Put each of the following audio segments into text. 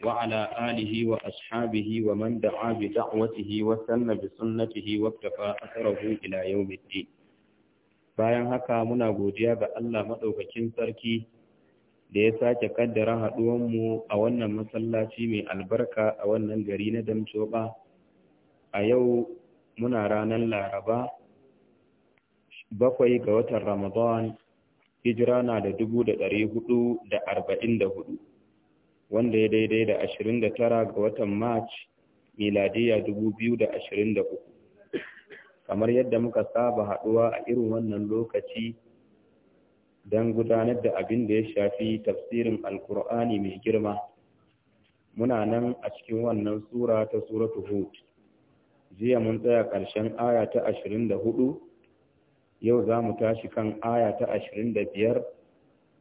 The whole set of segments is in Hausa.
وعلى آله وأصحابه ومن دعا بدعوته وسن بسنته واكتفى أثره إلى يوم الدين bayan haka muna godiya ga Allah maɗaukakin sarki da ya sake kaddara haɗuwanmu a wannan masallaci mai albarka a wannan gari na damtoba a yau muna ranar laraba bakwai ga watan ramadan hijira na da dubu da ɗari hudu da arba'in da hudu wanda ya daidai da tara ga watan March miladiya uku. kamar yadda muka saba haɗuwa a irin wannan lokaci don gudanar da abin da ya shafi tafsirin alkur'ani mai girma muna nan a cikin wannan sura ta suratu hud jiya mun tsaya ƙarshen aya ta 24 yau za mu tashi kan aya ta biyar.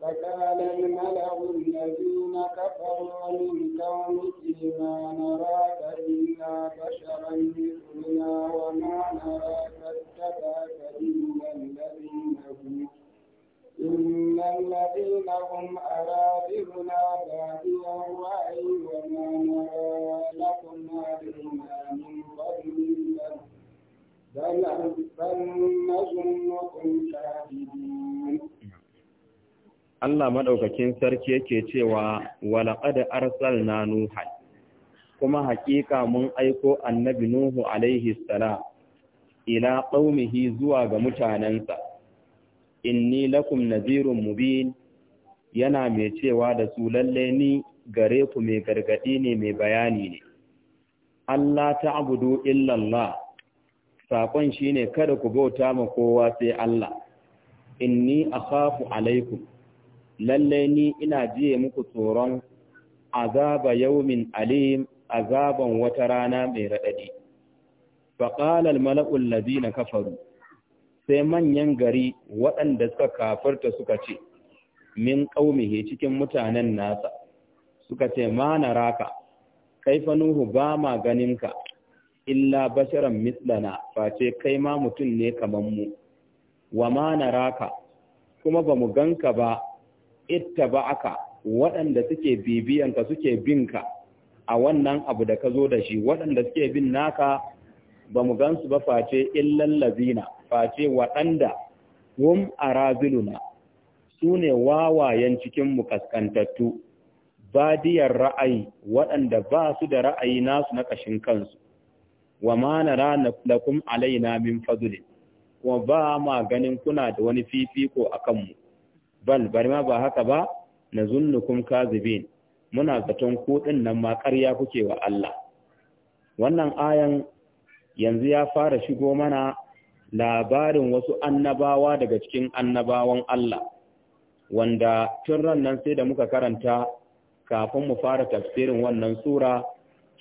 فقال الملأ الذين كفروا من قومه ما نراك إلا بشرا مثلنا وما نراك اتبعك إلا الذين هم إن الذين هم أرادلنا بادي الرأي وما نرى لكم علينا من Allah madaukakin sarki yake cewa Arsal na nuha kuma haƙiƙa mun aiko annabi nuhu alaihi sala ila qaumihi zuwa ga mutanensa. inni lakum nadhirun mubin yana mai cewa da su lalle ni gare ku mai gargaɗi ne mai bayani ne Allah ta ta'budu illa Allah sakon shine kada ku bauta ma kowa sai Allah inni akhafu alaikum lallai ni ina jiye muku tsoron azaba yaumin alim azaban wata rana mai raɗaɗi. Faƙalar mala'ul na kafaru, sai manyan gari waɗanda suka kafarta suka ce, min ƙaumihe cikin mutanen nasa, suka ce, ma na raka, kaifa Nuhu ba ma ganinka, illa basharan mislana, face kai ma mutum ne kaman mu, wa ma na raka, kuma ba mu ganka ba ittaba'aka waɗanda suke bibiyanka suke binka a wannan abu da ka zo da shi waɗanda suke bin naka ba mu gansu ba face illan lazina face waɗanda hum raziluna su ne wawayen cikin mu kaskantattu badiyar ra'ayi waɗanda ba su da ra'ayi nasu na ƙashin kansu wa ma na lakum alaina min fazuli kuma ba ma ganin kuna da wani fifiko a kanmu. bal bar ma ba haka ba na zunnukum kazibin muna zaton ku din nan ma ƙarya kuke wa Allah wannan ayan yanzu ya fara shigo mana labarin wasu annabawa daga cikin annabawan Allah wanda tun ran nan sai da muka karanta kafin mu fara tafsirin wannan sura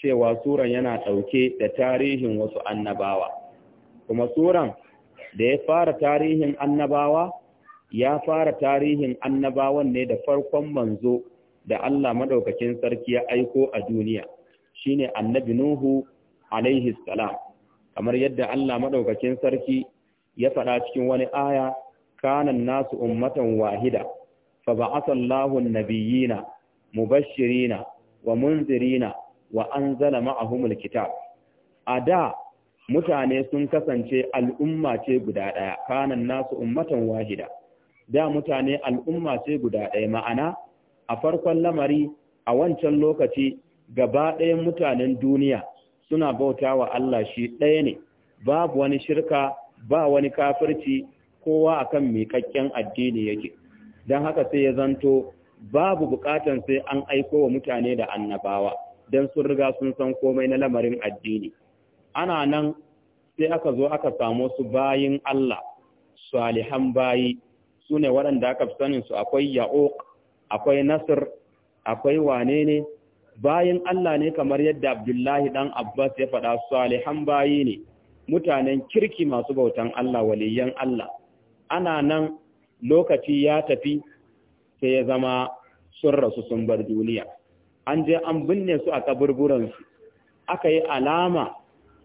cewa suran yana ɗauke da tarihin wasu annabawa kuma suran da ya fara tarihin annabawa ya fara tarihin annabawan ne da farkon manzo da Allah madaukakin sarki ya aiko a duniya shine annabi Nuhu alaihi salam kamar yadda Allah madaukakin sarki ya faɗa cikin wani aya kanan nasu ummatan wahida fa ba'atha Allahu an-nabiyina mubashshirina wa munzirina wa anzala ma'ahumul kitab ada mutane sun kasance al'umma ce guda ɗaya kanan nasu ummatan wahida da mutane al'umma sai guda ɗaya ma'ana a farkon lamari a wancan lokaci gaba ɗayan mutanen duniya suna bauta wa Allah shi ɗaya ne babu wani shirka ba wani kafirci kowa a kan miƙaƙƙen addini yake don haka sai ya zanto babu buƙatan sai an aiko wa mutane da annabawa don sun riga sun san komai na lamarin addini ana nan sai aka zo aka samu su bayin Allah salihan bayi su ne waɗanda aka fi sanin su akwai ya'uq akwai nasir akwai wane ne bayan Allah ne kamar yadda Abdullahi dan Abbas ya faɗa salihan bayi ne mutanen kirki masu bautan Allah waliyan Allah ana nan lokaci ya tafi sai ya zama sun rasu sun bar duniya an je an binne su a kaburburansu aka yi alama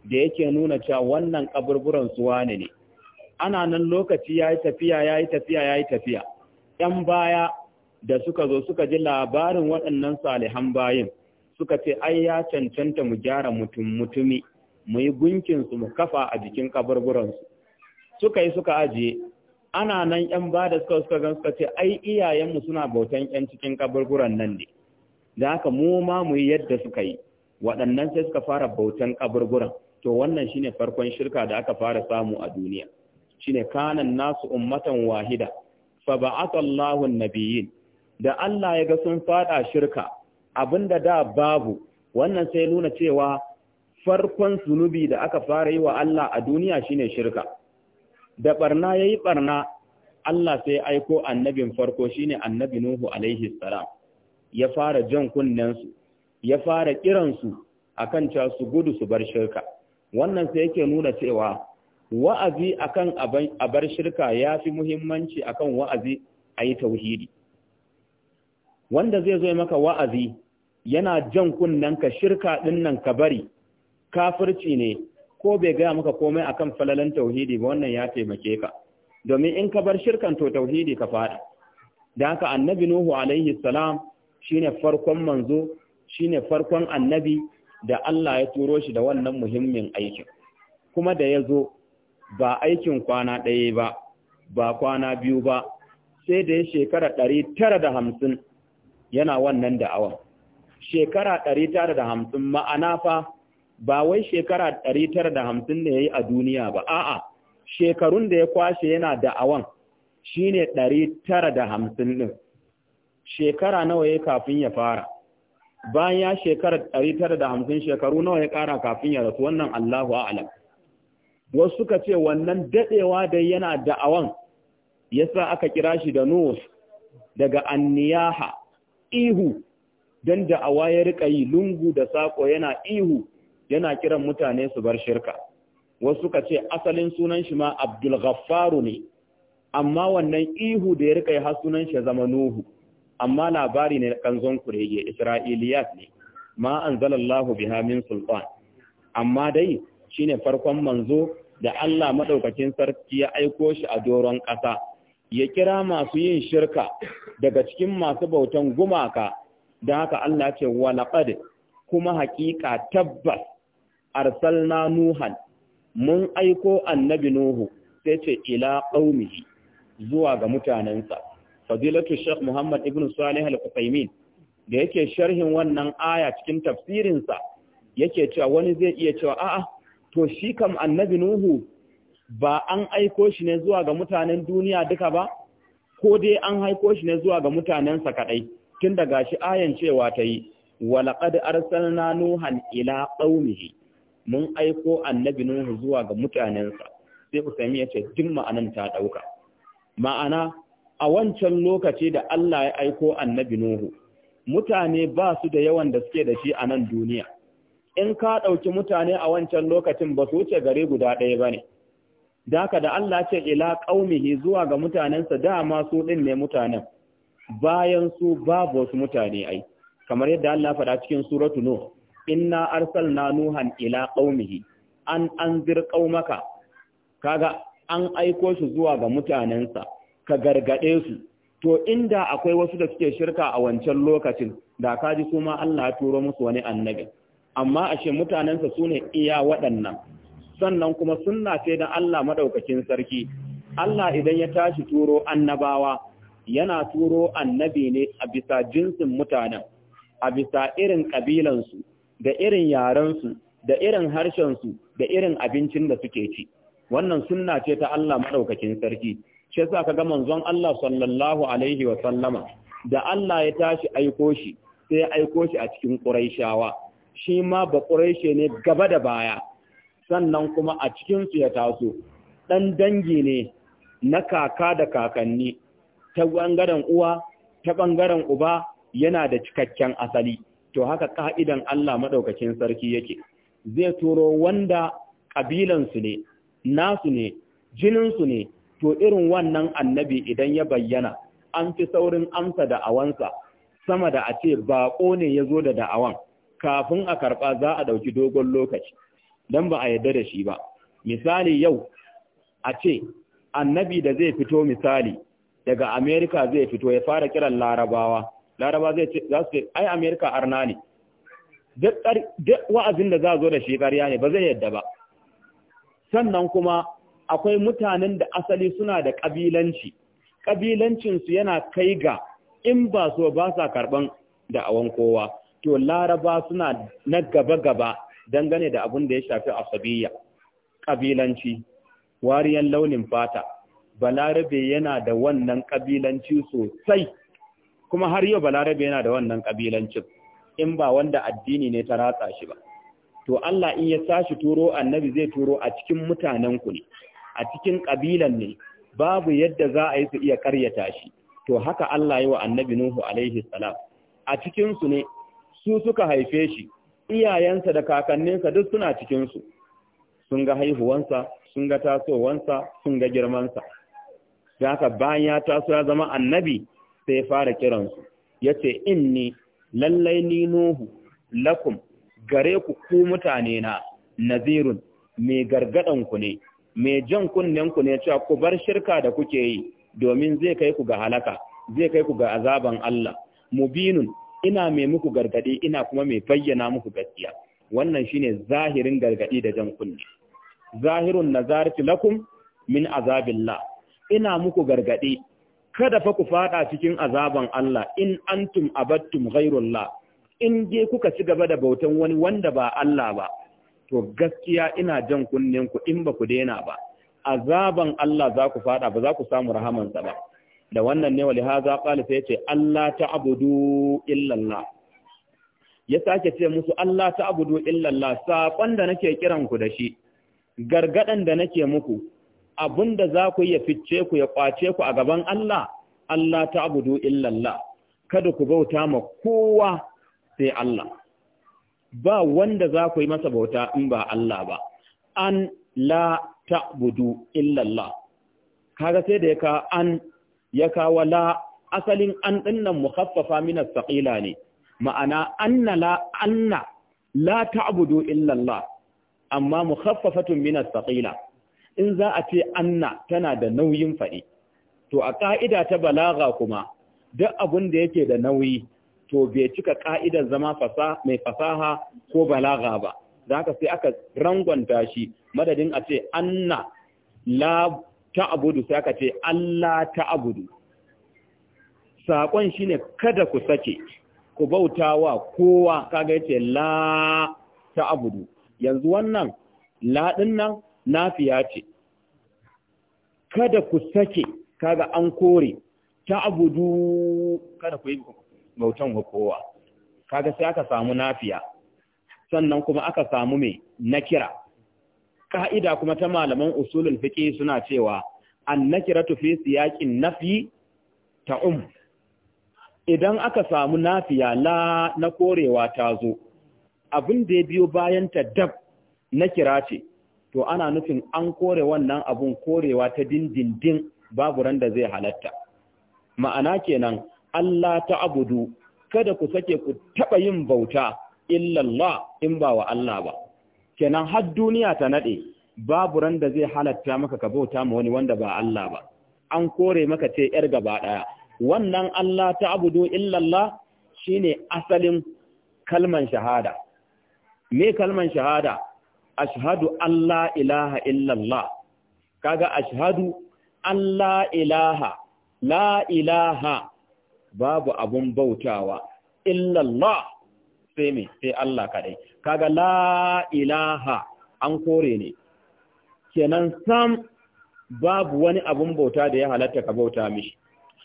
da yake nuna cewa wannan kaburburansu wane ne ana nan lokaci ya yi tafiya ya yi tafiya ya yi tafiya ‘yan baya da suka zo suka ji labarin waɗannan salihan bayin suka ce ai ya cancanta mu gyara mutum mutumi mu yi gunkinsu mu kafa a jikin kaburburansu suka yi suka ajiye ana nan ‘yan ba da suka suka gan suka ce ai iyayenmu suna bautan ‘yan cikin kaburburan nan ne da haka mu ma mu yi yadda suka yi waɗannan sai suka fara bautan kaburburan to wannan shine farkon shirka da aka fara samu a duniya shine kanan nasu ummatan wahida fa ba'atha Allahu an-nabiyyin da Allah ya ga sun fada shirka abinda da babu wannan sai nuna cewa farkon zunubi da aka fara yi wa Allah a duniya shine shirka da barna yayi barna Allah sai aiko annabin farko shine annabi Nuhu alaihi salam ya fara jan kunnensu ya fara kiransu akan cewa su gudu su bar shirka wannan sai yake nuna cewa wa'azi akan a bar shirka ya fi muhimmanci akan wa'azi a yi tauhidi wanda zai zo maka wa'azi yana jan kunnen ka shirka ɗinnan ka bari kafirci ne ko bai gaya maka komai akan falalan tauhidi ba wannan ya taimake ka domin in ka bar shirkan to tauhidi ka faɗi da haka annabi nuhu alaihi salam shine farkon manzo shine farkon annabi da Allah ya turo shi da wannan muhimmin aikin kuma da ya zo ba aikin kwana ɗaya ba ba kwana biyu ba sai da ya shekara ɗari tara da hamsin yana wannan da'awan shekara ɗari tara da hamsin ma'ana fa ba wai shekara ɗari tara da hamsin ne ya yi a duniya ba a'a shekarun da ya kwashe yana da'awan ne ɗari tara da hamsin ɗin shekara nawa ya kafin ya fara bayan ya shekara hamsin, shekaru nawa ya ƙara kafin ya rasu wannan Allahu a'lam wasu suka ce wannan dadewa da yana da'awan yasa aka kira shi da nus daga anniyaha ihu don da'awa ya rika yi lungu da saƙo yana ihu yana kiran mutane su bar shirka wasu suka ce asalin sunan shi ma Abdul Ghaffaru ne amma wannan ihu da ya rika yi har sunan shi zama Nuhu amma labari ne kanzon kurege Isra'iliyat ne ma anzalallahu biha min sultan amma dai shine farkon manzo da Allah maɗaukacin sarki ya aiko shi a doron ƙasa, ya kira masu yin shirka daga cikin masu bautan gumaka, da haka Allah ce walaƙad kuma haƙiƙa tabbas arsalna Nuhan, mun aiko annabi Nuhu sai ce ila ƙaumihi zuwa ga mutanensa. Fadilatu Sheikh Muhammad Ibn Salih al-Qusaymin da yake sharhin wannan aya cikin tafsirinsa yake cewa wani zai iya cewa a'a to shi kam annabi Nuhu ba an aiko shi ne zuwa ga mutanen duniya duka ba, ko dai an haiko shi ne zuwa ga mutanensa kaɗai, tun daga shi ayan cewa ta yi, walaƙad arsalna Nuhan ila ƙaumihi, mun aiko annabi Nuhu zuwa ga mutanensa, sai Usami ya ce, duk ma'anan ta ɗauka. Ma'ana, a wancan lokaci da Allah ya aiko annabi Nuhu, mutane ba su da yawan da suke da shi a nan duniya. in ka ɗauki mutane a wancan lokacin ba su wuce gari guda ɗaya ba ne. Daka da Allah ce ila ƙaumihi zuwa ga mutanensa dama su ɗin ne mutanen, bayan su babu wasu mutane ai, kamar yadda Allah faɗa cikin suratu Nuh, inna arsalna Nuhan ila ƙaumihi, an anzir ƙaumaka, kaga an aiko shi zuwa ga mutanensa, ka gargaɗe su, to inda akwai wasu da suke shirka a wancan lokacin, da ka ji su ma Allah turo musu wani annabi. amma ashe mutanensa su ne iya waɗannan sannan kuma suna ce da Allah maɗaukakin sarki Allah idan ya tashi turo annabawa yana turo annabi ne a bisa jinsin mutanen a bisa irin ƙabilansu da irin yarensu da irin harshensu da irin abincin da suke ci wannan suna ce ta Allah maɗaukakin sarki shi ka gama manzon Allah sallallahu alaihi wa sallama da Allah ya tashi aiko shi sai ya aiko shi a cikin shawa. shi ma ba ƙureshe ne gaba da baya sannan kuma a cikinsu ya taso ɗan dangi ne na kaka da kakanni ta ɓangaren uwa ta ɓangaren uba yana da cikakken asali to haka ƙa'idan Allah maɗaukacin sarki yake zai turo wanda ƙabilansu ne nasu ne jininsu ne to irin wannan annabi idan ya bayyana an fi saurin amsa da awansa, sama da a ce baƙo ne ya zo da da'awan kafin a karɓa za a ɗauki dogon lokaci don ba a yarda da shi ba misali yau a ce annabi da zai fito misali daga amerika zai fito ya fara kiran larabawa laraba zai ce za su ce ai amerika arna ne duk wa'azin da za a zo da shi ƙarya ne ba zai yadda ba sannan kuma akwai mutanen da asali suna da ƙabilanci ƙabilancinsu yana kai ga in ba so ba sa karɓan da'awan kowa to laraba suna na gaba-gaba dangane da abin da ya shafi asabiya ƙabilanci wariyan launin fata balarabe yana da wannan ƙabilanci sosai kuma har yau balarabe yana da wannan ƙabilancin in ba wanda addini ne ta ratsa shi ba to Allah in ya sashi turo annabi zai turo a cikin mutanen ku ne a cikin ƙabilan ne babu yadda za a yi su iya ƙaryata shi to haka Allah yi wa annabi Nuhu alaihi salam a cikinsu ne su suka haife shi iyayensa da kakanninsa duk suna cikinsu sun ga haihuwansa sun ga tasowansa sun ga girmansa da haka bayan ya taso ya zama annabi sai ya fara kiransu ya ce inni lallai ni nuhu lakum gare ku ku mutane na nazirun mai gargadanku ne mai jan kunnen ku ne cewa ku bar shirka da kuke yi domin zai kai ku ga halaka zai kai ku ga azaban Allah mubinun ina mai muku gargadi ina kuma mai bayyana muku gaskiya wannan shine zahirin gargadi da jan kunne zahirun nazarati lakum min azabillah ina muku gargadi kada fa ku fada cikin azaban Allah in antum abattum ghayrullah in je kuka ci gaba da bautan wani wanda ba Allah ba to gaskiya ina jan kunnen ku in ba ku daina ba azaban Allah za ku fada ba za ku samu rahamansa ba da wannan ne wali haza qala sai yace Allah ta'budu illa Allah ya sake ce musu Allah ta'budu illa Allah sakon da nake kiran ku da shi Gargaɗan da nake muku abunda za ku ya fice ku ya kwace ku a gaban Allah Allah ta'budu illa Allah kada ku bauta ma kowa sai Allah ba wanda za ku yi masa bauta in ba Allah ba an la ta'budu illa Allah kaga sai da ya ka an ya kawo la asalin an dinnan mukhaffafa min as-saqila ne ma'ana anna la anna la ta'budu illa Allah amma mukhaffafatun min as-saqila in za a ce anna tana da nauyin faɗi to a ka'ida ta balaga kuma duk abin da yake da nauyi to bai cika ka'idar zama fasa mai fasaha ko balaga ba da haka sai aka rangwanta shi madadin a ce anna la ta'budu sai aka ce Allah ta'budu saƙon shine kada ku sake ku bautawa kowa kaga yace la ta'budu yanzu wannan la din nan nafiya ce kada ku sake kaga an kore ta'budu kada ku yi bautan wa kowa kaga sai aka samu nafiya sannan kuma aka samu me nakira ka'ida kuma ta malaman usulul fiqi suna cewa annakiratu fi siyaqin nafi ta'um idan aka samu nafiya la na korewa ta zo abin da ya biyo bayan ta dab na kira ce to ana nufin an kore wannan abun korewa ta dindindin babu ran da zai halatta ma'ana kenan Allah ta abudu kada ku sake ku taba yin bauta illallah in ba wa Allah ba kenan har duniya ta nade babu ran da zai halatta maka ka bauta ma wani wanda ba Allah ba an kore maka ce yar gaba daya wannan Allah ta abudu Allah, shine asalin kalman shahada me kalman shahada ashhadu alla ilaha Allah. kaga ashhadu alla ilaha la ilaha babu abun bautawa illallah sai me sai Allah kadai kaga la ilaha an kore ne kenan sam babu wani abun bauta da ya halatta ka bauta mishi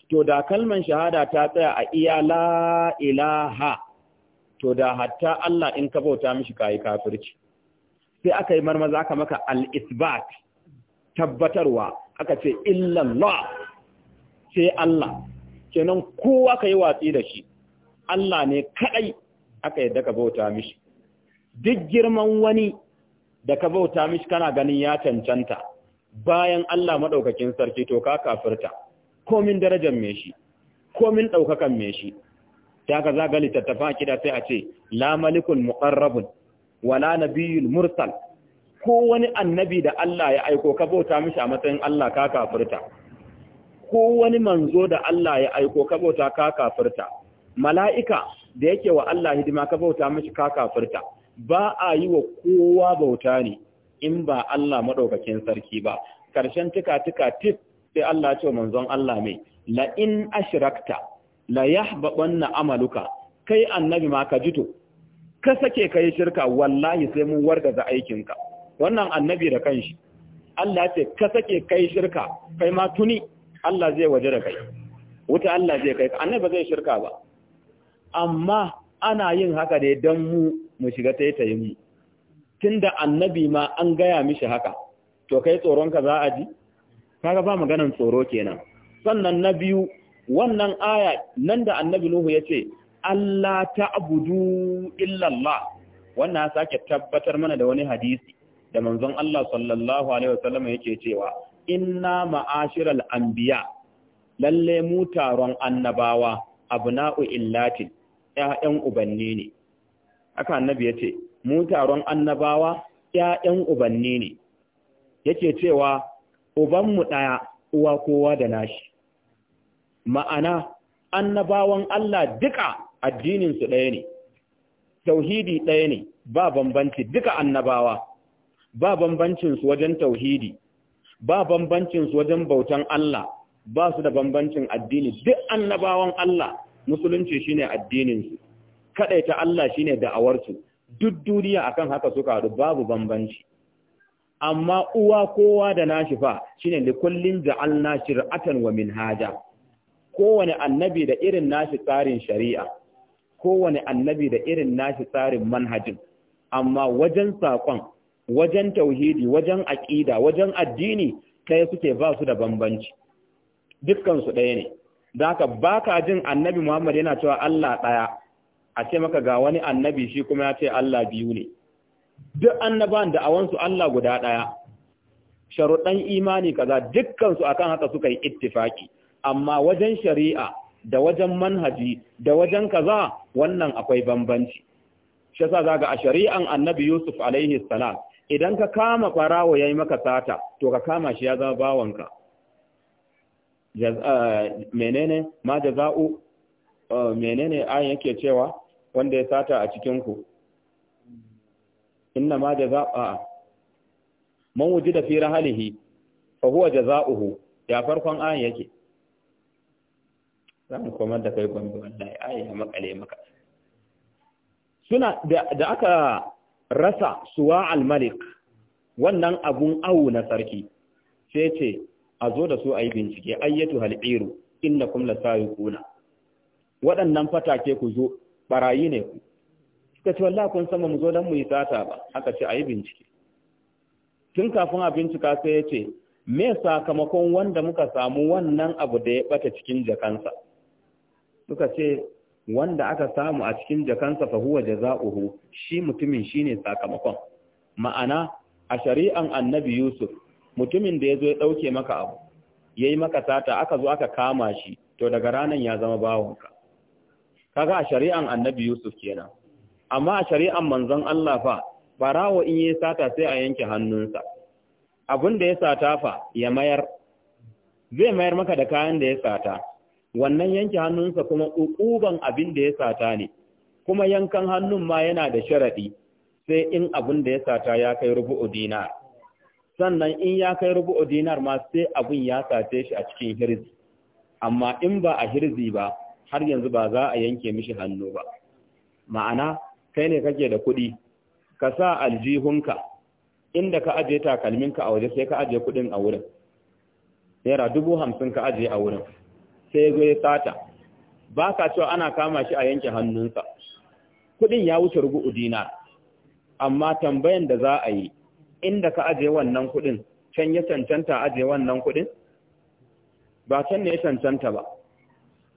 to da kalman shahada ta tsaya a iya la ilaha to da hatta Allah in ka bauta mishi kayi kafirci sai aka yi marmaza aka maka al-isbat tabbatarwa aka ce Allah sai Allah kenan kowa ka yi watsi da shi Allah ne kadai aka yadda ka bauta mishi duk girman wani da ka bauta mishi kana ganin ya cancanta bayan Allah maɗaukakin sarki to ka kafirta komin darajar me shi komin daukakan me shi ta ka zaga littattafa kida sai a ce la malikul muqarrabun wala nabiyul mursal ko wani annabi da Allah ya aiko ka bauta mishi a matsayin Allah ka kafirta ko wani manzo da Allah ya aiko ka bauta ka kafirta mala'ika da yake wa Allah hidima ka bauta mishi ka kafirta ba a yi wa kowa bauta ne in ba Allah maɗaukakin sarki ba ƙarshen tuka tuka tif sai Allah ce manzon Allah mai la in ashrakta la yahbabanna amaluka kai annabi ma ka jito ka sake kai shirka wallahi sai mun wargaza aikinka wannan annabi da kanshi Allah ce ka sake kai shirka kai ma tuni Allah zai waje da kai wuta Allah zai kai ka annabi zai shirka ba amma ana yin haka dai don mu mu shiga taitayin Tun tunda annabi ma an gaya mishi haka to kai tsoron ka za a ji kaga ba maganan tsoro kenan sannan na biyu wannan aya nan da annabi nuhu ya ce. Allah ta abudu illallah. wannan ya sake tabbatar mana da wani hadisi da manzon Allah sallallahu alaihi wasallam yake cewa inna ma'ashiral anbiya lalle mu taron annabawa abna'u illatin 'ya'yan ubanni ne aka annabi ya ce mu taron annabawa ‘ya'yan ubanni ne yake cewa ubanmu ɗaya uwa kowa da nashi ma'ana annabawan Allah duka addininsu ɗaya ne tauhidi ɗaya ne ba bambanci duka annabawa ba bambancinsu wajen tauhidi ba bambancinsu wajen bautan Allah ba su da bambancin addini duk annabawan Allah musulunci shine addininsu ta Allah shine da'awarsu duk duniya akan haka suka haɗu babu bambanci amma uwa kowa da nashi fa shine likullin ja'alna shir'atan wa minhaja kowane annabi da irin nashi tsarin shari'a kowane annabi da irin nashi tsarin manhajin amma wajen sakon wajen tauhidi wajen aƙida, wajen addini kai suke ba su da bambanci dukkan ɗaya ne da haka baka jin annabi Muhammad yana cewa Allah ɗaya a ce maka ga wani annabi shi kuma ya ce Allah biyu ne duk annaban da awansu Allah guda ɗaya sharuɗan imani kaza dukkansu akan haka suka yi ittifaki amma wajen shari'a da wajen manhaji da wajen kaza wannan akwai bambanci shi yasa zaga a shari'an annabi Yusuf alaihi salam idan ka kama ya yayi maka sata to ka kama shi ya zama bawanka eh, menene ma jaza'u eh, menene ayin yake cewa wanda ya sata a cikinku inna ma jaza'a man wujida fi rahalihi fa huwa jaza'uhu ya farkon ayan yake za mu komar da kai gombe wallahi ayan ya makale maka suna da aka rasa suwa al-malik wannan abun awu na sarki sai ce a zo da su a yi bincike ayyatu hal'iru innakum kuna. waɗannan fatake ku zo barayi ne ku suka ce wallah kun san mu zo dan mu yi sata ba aka ce ayi bincike tun kafin a bincika sai ya ce me sakamakon wanda muka samu wannan abu da ya bata cikin jakansa suka ce wanda aka samu a cikin jakansa fa huwa jaza'uhu shi mutumin shine sakamakon ma'ana a shari'an annabi Yusuf mutumin da yazo ya dauke maka abu yayi maka sata aka zo aka kama shi to daga ranan ya zama bawonka kaga a shari'an annabi Yusuf kenan amma a shari'an manzon Allah fa barawo in yi sata sai a yanke hannunsa Abun da ya sata fa ya mayar zai mayar maka da kayan da ya sata wannan yanke hannunsa kuma ukuban abin da ya sata ne kuma yankan hannun ma yana da sharaɗi. sai in abin da ya sata ya kai rubu'u dinar sannan in ya kai rubu'u dinar ma sai abun ya sace shi a cikin hirzi amma in ba a hirzi ba har yanzu ba za a yanke mishi hannu ba ma'ana kai ne kake da kuɗi ka sa aljihunka inda ka aje takalminka a waje sai ka aje kuɗin a wurin naira dubu hamsin ka aje a wurin sai ya zo ya sata ba ka cewa ana kama shi a yanke hannunsa kuɗin ya wuce rubu'u dina amma tambayan da za a yi inda ka aje wannan kuɗin can ya cancanta aje wannan kuɗin ba can ne ya cancanta ba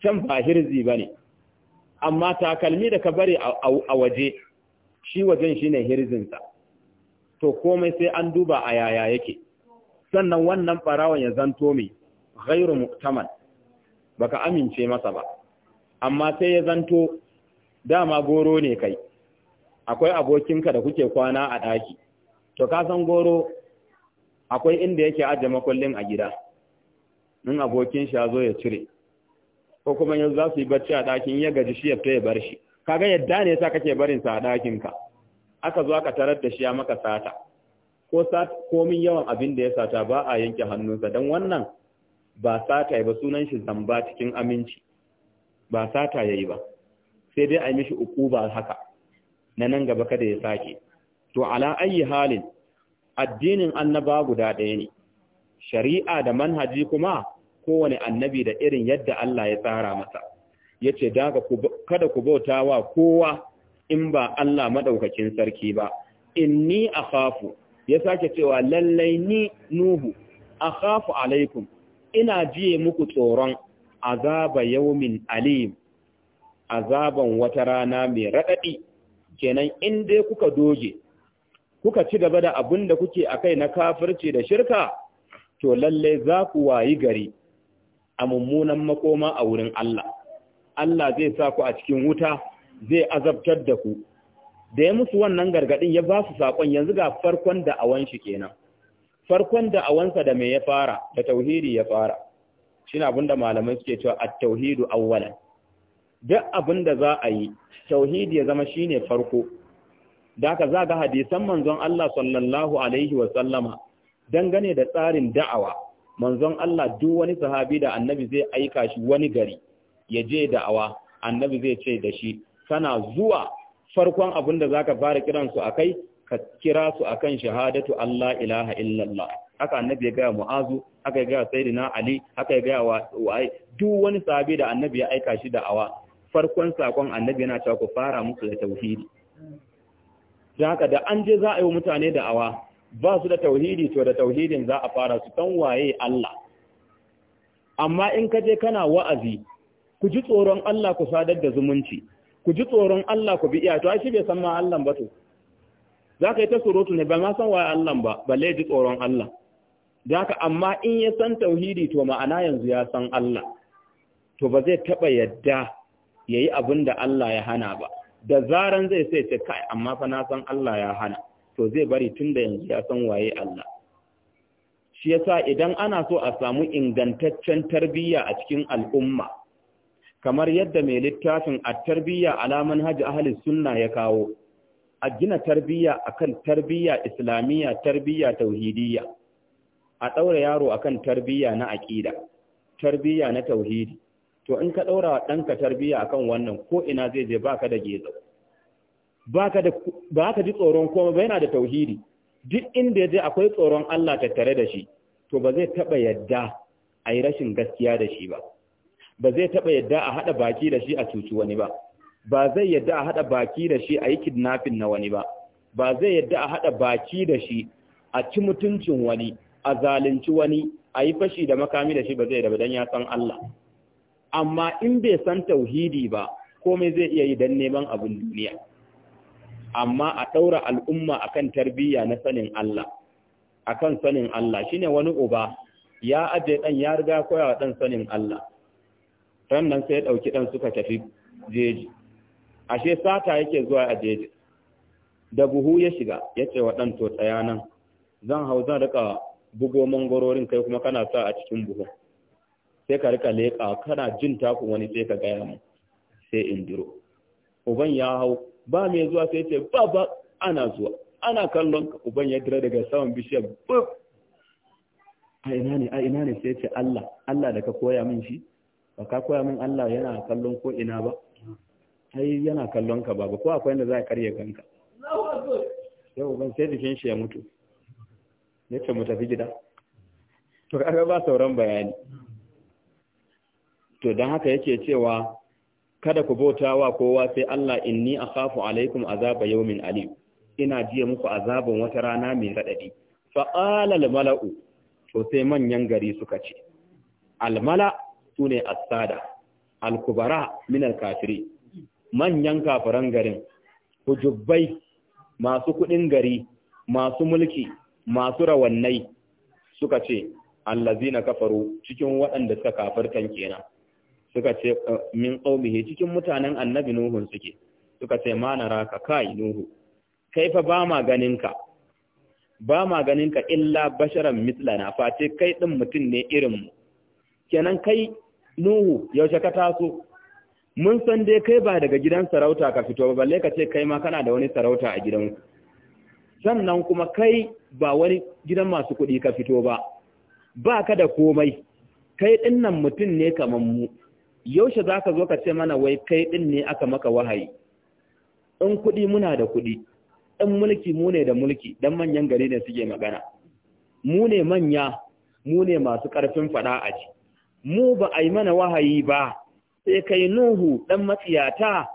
can ba hirzi ba ne amma takalmi da ka bari a waje shi wajen shi ne hirzinsa to komai sai an duba a yaya yake sannan wannan barawon ya zanto mai ghairu ba ka amince masa ba amma sai ya zanto dama goro ne kai akwai abokinka da kuke kwana a ɗaki to ka san goro akwai inda yake ajiye makullin a gida in abokin shi ya zo ya cire ko kuma yanzu za su yi bacci a ɗakin ya gaji shi ya fita ya bar shi kaga yadda ne sa kake barin sa a ɗakin ka aka zo aka tarar da shi ya maka sata ko sat komin yawan abin da ya sata ba a yanke hannunsa dan wannan ba sata ba sunan shi zamba cikin aminci ba sata yayi ba sai dai a yi mishi ukuba haka na nan gaba kada ya sake to ala ayi halin addinin annaba guda ɗaya ne shari'a da manhaji kuma kowane annabi da irin yadda Allah ya tsara masa yace daga kada ku bauta wa kowa in ba Allah maɗaukakin sarki ba In inni akhafu ya sake cewa lallai ni nuhu akhafu alaikum ina jiye muku tsoron azaba yawmin alim azaban wata rana mai raɗaɗi. kenan in dai kuka doge kuka ci gaba da abin da kuke a kai na kafirci da shirka to lallai za ku wayi gari a mummunan makoma a wurin Allah Allah zai sa ku a cikin wuta zai azabtar da ku da ya musu wannan gargaɗin ya ba su saƙon yanzu ga farkon da a wanshi kenan farkon da wansa da me ya fara da tauhidi ya fara abin da malamai suke cewa a tauhidu awwalan duk abin da za a yi tauhidi ya zama shine farko da ka ga hadisan manzon Allah sallallahu alaihi wasallama dangane da tsarin da'awa manzon Allah duk wani sahabi da annabi zai aika shi wani gari ya je da'awa annabi zai ce da shi kana zuwa farkon abin da zaka fara kiran su akai ka kira su akan shahadatu Allah ilaha illallah haka annabi ya gaya mu'azu haka ya gaya sayyidina ali haka ya gaya wa duk wani sahabi da annabi ya aika shi da'awa farkon sakon annabi yana cewa ku fara musu da tauhidi don haka da an je za a yi wa mutane da'awa ba su da tauhidi to da tauhidin za a fara su kan waye Allah amma in ka je kana wa'azi ku ji tsoron Allah ku sadar da zumunci ku ji tsoron Allah ku bi iya to shi bai san ma Allah ba to ka yi ta surutu ne ba ma san waye Allah ba balle ji tsoron Allah Daka amma in ya san tauhidi to ma'ana yanzu ya san Allah to ba zai taba yadda yayi abin da Allah ya hana ba da zaran zai sai ce kai amma fa na san Allah ya hana to zai bari tun da yanzu ya san waye Allah shi yasa idan ana so a samu ingantaccen tarbiyya a cikin al'umma kamar yadda mai littafin a tarbiyya alaman haji ahalin sunna ya kawo a gina tarbiyya akan tarbiyya islamiyya tarbiyya tauhidiyya a ɗaura yaro akan tarbiyya na aƙida tarbiyya na tauhidi to in ka ɗaura ɗanka tarbiyya akan wannan ko ina zai je baka da gezo ba ka ji tsoron komai ba yana da tauhidi duk inda ya je akwai tsoron Allah tattare da shi to ba zai taɓa yadda a yi rashin gaskiya da shi ba ba zai taɓa yadda a haɗa baki da shi a cuci wani ba ba zai yadda a haɗa baki da shi a yi kidnapping na wani ba ba zai yadda a haɗa baki da shi a ci mutuncin wani a zalunci wani a yi fashi da makami da shi ba zai da dan ya san Allah amma in bai san tauhidi ba komai zai iya yi dan neman abin duniya amma a ɗaura al'umma a kan tarbiyya na sanin Allah A kan sanin Allah Shi ne wani uba ya aje ɗan ya riga koya wa ɗan sanin Allah ran nan sai ya ɗauki ɗan suka tafi jeji ashe sata yake zuwa a jeji da buhu ya shiga ya ce wa ɗan to tsaya nan zan hau zan rika bugo mangororin kai kuma kana sa a cikin buhu sai ka rika leƙa kana jin takun wani sai ka gaya mu sai in uban ya hau ba mai zuwa sai ce ba ba ana zuwa ana kallon ka uban ya dira daga saman bishiyar buf a ina ne a ina ne sai ce Allah Allah da ka koya min shi ba ka koya min Allah yana kallon ko ina ba ai yana kallon ka baba ko akwai inda za ka karye kanka yau ban sai jikin shi ya mutu ya ce mu tafi gida to ga ba sauran bayani to don haka yake cewa kada ku bauta wa kowa sai Allah inni akhafu alaikum azaba yawmin alim ina jiya muku azabin wata rana mai radadi fa qala al mala'u to sai manyan gari suka ce al mala sune as-sada al kubara min al kafiri manyan kafiran garin hujubbai masu kudin gari masu mulki masu rawannai suka ce allazina kafaru cikin waɗanda suka kafirtan kenan suka ce eh, min qaumihi cikin mutanen annabi Nuhu suke suka ce ma naraka kai nuhu kai fa ba ma ganinka ba ma ganinka illa basharan mislana face kai ɗin mutum ne irin mu kenan kai nuhu yaushe ka taso mun san dai kai ba daga gidan sarauta ka fito ba balle ka ce kai ma kana da wani sarauta a gidanku sannan kuma kai ba wani gidan masu kuɗi ka fito ba ba ka da komai kai ɗinnan mutum ne kamar mu yaushe za ka zo ka ce mana wai kai ɗin ne aka maka wahayi in kuɗi muna da kuɗi in mulki mu ne da mulki don manyan gari ne suke magana mu ne manya mu ne masu ƙarfin faɗa a ci. mu ba a yi mana wahayi ba sai kai nuhu ɗan matsiyata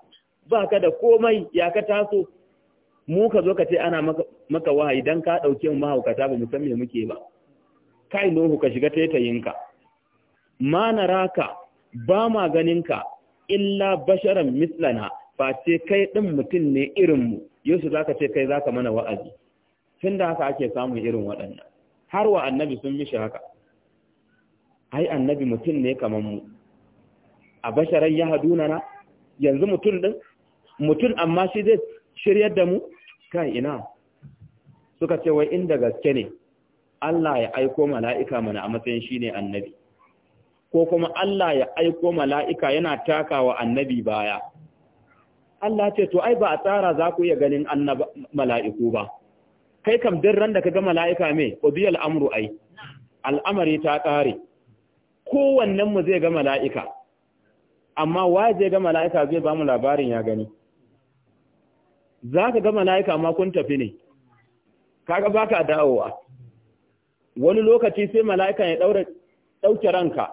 ba ka da komai ya ka taso mu ka zo ka ce ana maka wahayi don ka ɗauke mu mahaukata ba mu san me muke ba kai nuhu ka shiga taitayinka ma raka ba ma ka illa basharan mislana ce kai ɗin mutum ne irinmu yesu za ka ce kai za ka mana wa'azi tun da haka ake samun irin waɗannan har wa annabi sun mishi haka ai annabi mutum ne kamar mu a basharan ya haduna na yanzu mutum ɗin mutum amma shi zai shiryar da mu kai ina suka ce wai inda gaske ne Allah ya aiko mala'ika mana a matsayin shine annabi ko kuma Allah ya aiko mala'ika yana takawa annabi baya. Allah ce, To, ai, ba a tsara za ku iya ganin mala'iku ba, kai kam din ran da ka ga mala'ika mai, ƙubi al'amuru ai, al'amari ta ƙare, mu zai ga mala'ika, amma wa zai ga mala'ika zai ba mu labarin ya gani. Za ka ga mala'ika ma kun tafi ne, ga ba ka dawowa. Wani lokaci sai mala'ika ya ɗauke ranka,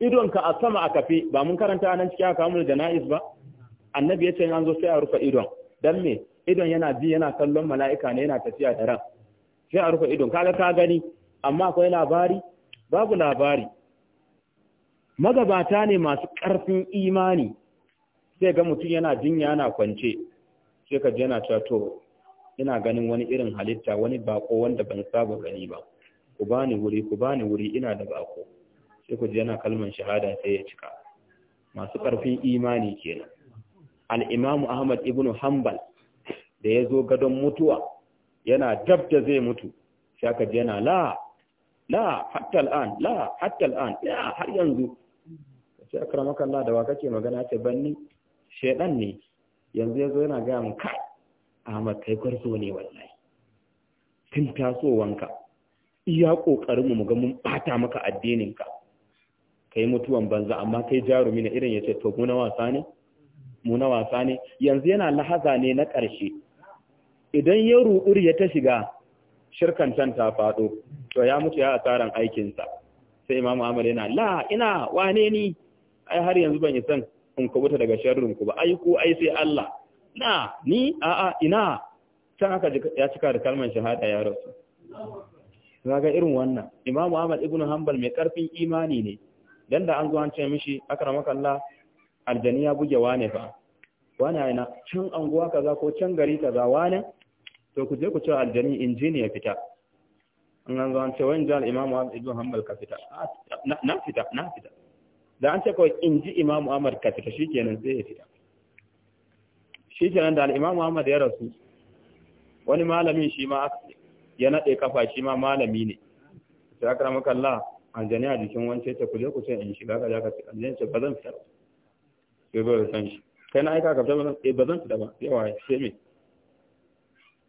idonka a sama a kafe ba mun karanta nan cikin aka da na'is ba annabi ya ce an zo sai a rufe idon dan me idon yana bi yana kallon mala'ika ne yana tafiya da ran sai a rufe idon kaga ka gani amma akwai labari babu labari magabata ne masu karfin imani sai ga mutum yana jinya yana kwance sai ka yana cewa ina ganin wani irin halitta wani bako wanda ban saba gani ba ku bani wuri ku bani wuri ina da bako sai ku ji yana kalman shahada sai ya cika masu ƙarfin imani kenan al-Imam Ahmad ibn Hanbal da ya zo gadon mutuwa yana dab da zai mutu shaka ji yana la la hatta al'an la hatta al'an ya har yanzu sai akramaka Allah da wa kake magana ce banni shedan ne yanzu yazo yana ga mun kai Ahmad kai gwarzo ne wallahi tun tasowanka iya kokarin mu ga mun bata maka addininka kai mutuwan banza amma kai jarumi na irin yace to mu wasa ne mu wasa ne yanzu yana lahaza ne na ƙarshe idan ya ruɗuri ya ta shiga shirkan can ta faɗo to ya mutu ya asaran aikinsa sai imamu amal yana la ina wane ni ai har yanzu ban yi san in kubuta daga ku ba ai ku ai sai Allah na ni a a ina can aka ya cika da kalmar shahada ya rasu zaga irin wannan imamu ahmad ibnu hanbal mai karfin imani ne dan da an zo an ce mishi akramaka Allah aljani ya buge wane fa wane yana can anguwa kaza ko can gari kaza wane to ku je ku ce aljani injini ya fita an an zo an ce wani jihar imamu ahmad ibn hanbal ka fita ah, na fita na fita da an ce kawai in ji imamu ahmad ka fita shikenan sai ya fita shikenan da al-imamu ahmad ya rasu wani malamin shi ma ya nade kafa shi ma malami ne sai akramaka Allah anjani a jikin wance ta kuje ku sai in shiga ka za ka ce ce ba zan fita ba sai ba san shi kai na aika ka bazan eh, ba zan fita ba yawa sai me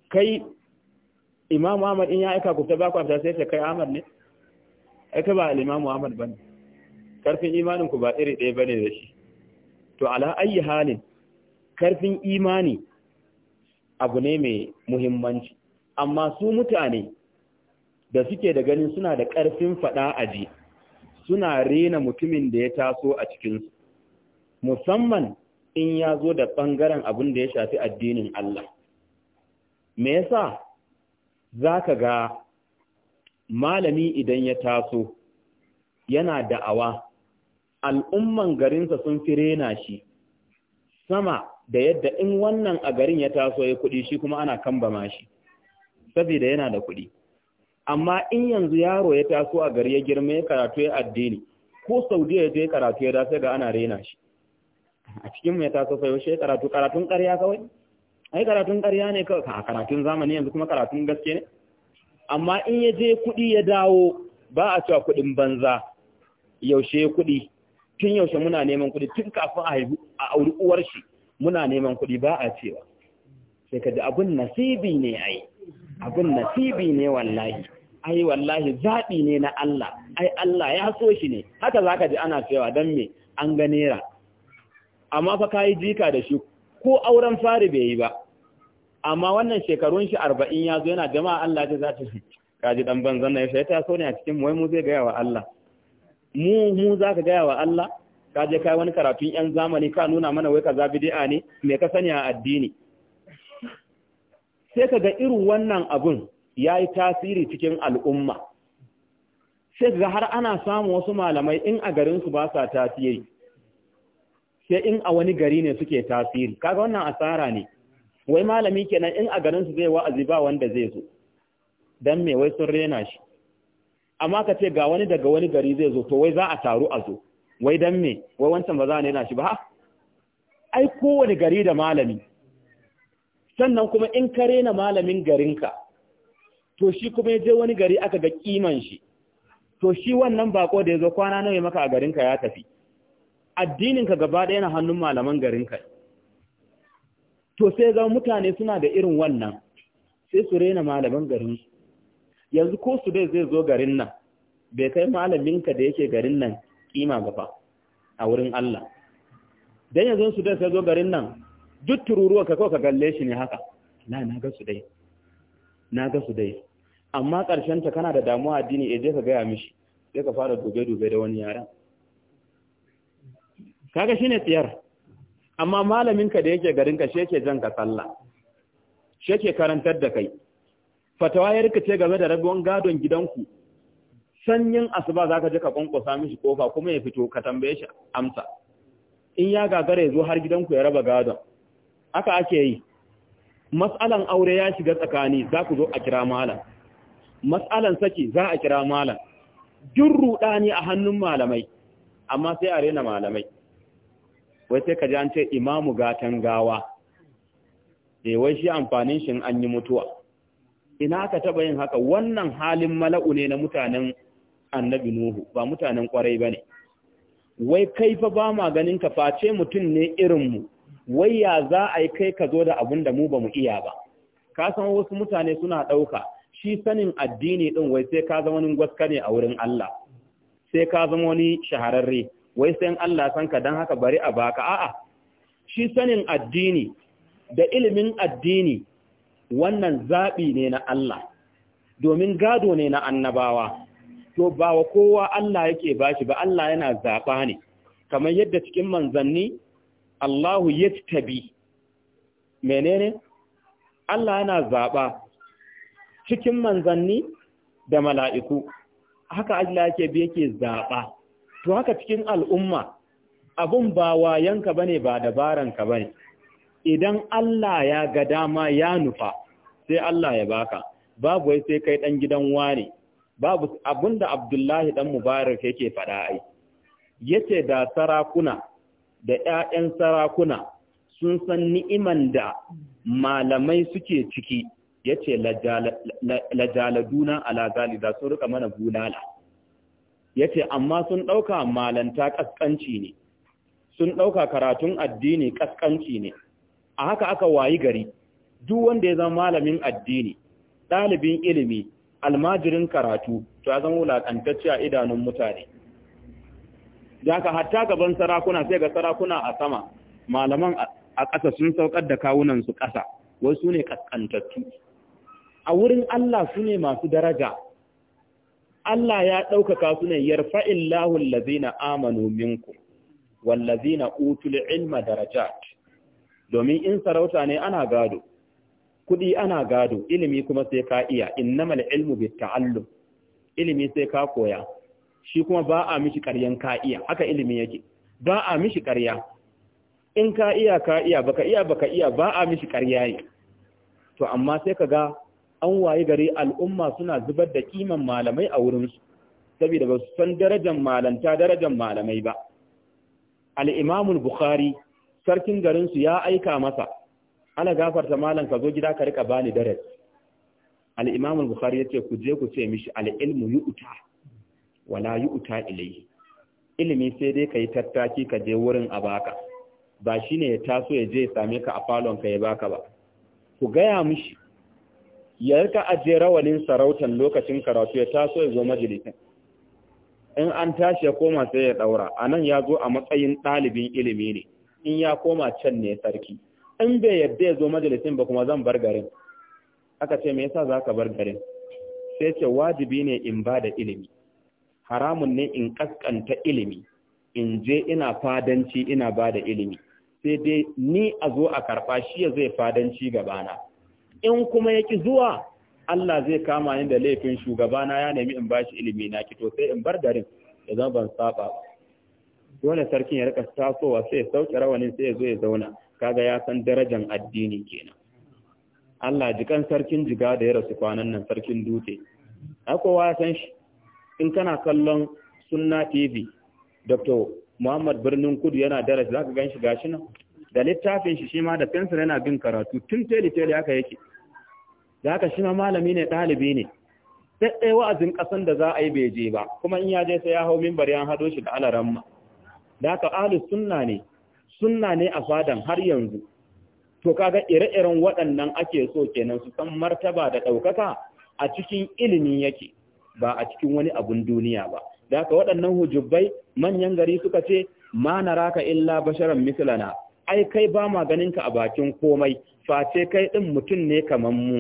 kai imam ahmad in ya aika ku ta ba ku fita sai ce kai ahmad ne ai kai ba al-imam ahmad bane karfin imanin ku ba iri ɗaya bane da shi to ala ayyi halin karfin imani abu ne mai muhimmanci amma su mutane da suke da ganin suna da ƙarfin faɗa aji suna rena mutumin da ya taso a cikinsu musamman in ya zo da ɓangaren abin da ya shafi addinin Allah me yasa za ka ga malami idan ya taso yana da'awa al'umman garinsa sun fi rena shi sama da yadda in wannan a garin ya taso ya kuɗi shi kuma ana kambama shi saboda yana da kuɗi amma in yanzu yaro ya taso a gari ya girma ya karatu ya addini ko saudiya ya je karatu ya dace ga ana rena shi a cikin mu ya taso fa ya karatu karatun ƙarya kawai ai karatun ƙarya ne kawai a karatun zamani yanzu kuma karatun gaske ne amma in ya je kuɗi ya dawo ba a cewa kuɗin banza yaushe kuɗi tun yaushe muna neman kuɗi tun kafin a haihu a auri uwar shi muna neman kuɗi ba a cewa sai ka ji abun nasibi ne ai abun nasibi ne wallahi ai wallahi zaɓi ne na Allah ai Allah ya so shi ne haka zaka ji ana cewa dan me an ga nera amma fa kai jika da shi ko auren fari bai yi ba amma wannan shekarun shi 40 ya zo yana jama'a Allah ta zata shi kaji dan banzan nan sai ta so ne a cikin mu mu zai ga yawa Allah mu mu ka ga yawa Allah kaje kai wani karatun yan zamani ka nuna mana wai kaza bid'a ne me ka sani a addini sai ka ga irin wannan abun ya yi tasiri cikin al'umma sai ga har ana samun wasu malamai in a garinsu ba sa tasiri sai in a wani gari ne suke tasiri kaga wannan asara ne wai malami kenan in a garinsu zai wa'azi ba wanda zai zo don me wai sun rena shi amma ka ce ga wani daga wani gari zai zo to wai za a taru a zo wai don me wai wancan ba za a nena shi ba ai kowane gari da malami sannan kuma in ka rena malamin garinka to shi kuma ya je wani gari aka ga kiman shi to shi wannan bako da ya zo kwana nawa maka a garinka ya tafi Addinin ka gaba ɗaya na hannun malaman garinka to sai ga mutane suna da irin wannan sai su rena malaman garin yanzu ko su dai zai zo garin nan bai kai malaminka da yake garin nan kima gaba a wurin Allah dan yanzu su dai sai zo garin nan duk tururuwa ka kawai ka galle shi ne haka na na ga su dai na ga su dai amma ƙarshen ta kana da damuwa addini ya eh, je ka gaya mishi sai ka fara dube-dube da wani yaran kaga ne tsiyar amma malamin ka da yake garin ka shi yake jan ka sallah shi yake karantar da kai fatawa ya rikice game da rabon gadon gidanku sanyin asuba za ka je ka kwankwasa mishi kofa kuma ya fito ka tambaye shi amsa in ya gagara ya zo har gidanku ya raba gadon haka ake yi mas'alan aure ya shiga tsakani za ku zo a kira malam matsalan saki za a kira malam duk rudani a hannun malamai amma sai a rena malamai wai sai ka ji an ce imamu gatan gawa E, wai shi amfanin shi an yi mutuwa ina ka taba yin haka wannan halin mala'u ne na mutanen annabi nuhu ba mutanen kwarai bane wai kai fa ba ma ganin ka face mutum ne irin mu wai ya za a yi kai ka zo da abin da mu ba mu iya ba ka san wasu mutane suna ɗauka shi sanin addini din wai sai ka zama wani gwaska ne a wurin Allah sai ka zama wani shahararre wai sai Allah Sanka ka dan haka bari a baka a'a shi sanin addini da ilimin addini wannan zaɓi ne na Allah domin gado ne na annabawa to ba wa kowa Allah yake bashi ba Allah yana zaɓa ne kamar yadda cikin manzanni Allahu yatabi' menene Allah yana zaɓa. cikin manzanni da mala'iku haka Allah yake bi yake zaɓa to haka cikin al'umma abin ba wayanka bane ba dabaranka ne. idan Allah ya ga dama ya nufa sai Allah ya baka babu wai sai kai ɗan gidan wane babu da Abdullahi ɗan Mubarak yake fada ai yace da sarakuna da 'ya'yan sarakuna sun san ni'iman da malamai suke ciki yace lajaladuna ala galiza sun rika mana bulala yace amma sun dauka malanta kaskanci ne sun ɗauka karatun addini ƙasƙanci ne a haka aka wayi gari duk wanda ya zama malamin addini ɗalibin ilimi almajirin karatu to ya zama wulakantacce a idanun mutane da ka hatta gaban sarakuna sai ga sarakuna a sama malaman a ƙasa sun saukar da kawunan su ƙasa wasu ne ƙasƙantattu. a wurin Allah su ne masu daraja Allah ya ɗaukaka su ne yarfa'in lahun lazina amanu minku wallazina utul ilma darajat domin in sarauta ne ana gado kuɗi ana gado ilimi kuma sai ka iya innamal ilmu bi ta’allu, ilimi sai ka koya shi kuma ba a mishi ƙaryen ka iya haka ilimi yake ba a mishi ƙarya in ka iya ka iya baka iya baka iya ba a mishi ƙarya ne to amma sai ka ga an waye gari al'umma suna zubar da kiman malamai a wurinsu saboda ba su san darajar malanta darajar malamai ba al'imamul bukhari sarkin garinsu ya aika masa ana gafarta malam ka zo gida ka rika bani darasi al'imamul bukhari ya ce ku je ku ce mishi al'ilmu yi uta wala yi uta ilayi ilimi sai dai ka yi tattaki ka je wurin a baka ba shi ne ya taso ya je ya same ka a falon ka ya baka ba ku gaya mishi ya rika ajiye rawanin sarautar lokacin karatu ya taso ya zo majalisin in an tashi ya koma sai ya daura anan ya zo a matsayin ɗalibin ilimi ne in ya koma can ne sarki in bai yadda ya zo majalisin ba kuma zan bar garin aka ce me yasa zaka bar garin sai ce wajibi ne in bada ilimi haramun ne in kaskanta ilimi in je ina fadanci ina bada ilimi sai dai ni a zo a karɓa shi ya zai fadanci gabana in kuma yaki zuwa Allah zai kama ni da laifin shugabana ya nemi in ba shi ilimi na ki to sai in bar garin ya zama ban saba ba dole sarkin ya rika tasowa sai ya sauke rawanin sai ya zo ya zauna kaga ya san darajar addini kenan Allah jikan sarkin jiga da ya rasu kwanan nan sarkin dutse akowa kowa ya san shi in kana kallon sunna tv dr muhammad birnin kudu yana darasi zaka gan shi gashi nan da littafin shi shi ma da fensir yana bin karatu tun tele-tele haka yake da haka shi ma malami ne ɗalibi ne daɗe wa'azin ƙasan da za a yi bai je ba kuma in ya je sai ya hau mimbar ya hado shi da ma da haka ahlus sunna ne sunna ne a fadan har yanzu to kaga ire-iren waɗannan ake so kenan su san martaba da ɗaukaka a cikin ilimi yake ba a cikin wani abun duniya ba da haka waɗannan hujubai manyan gari suka ce ma raka illa basharan mislana ai kai ba ma ganin ka a bakin komai face kai din mutum ne kaman mu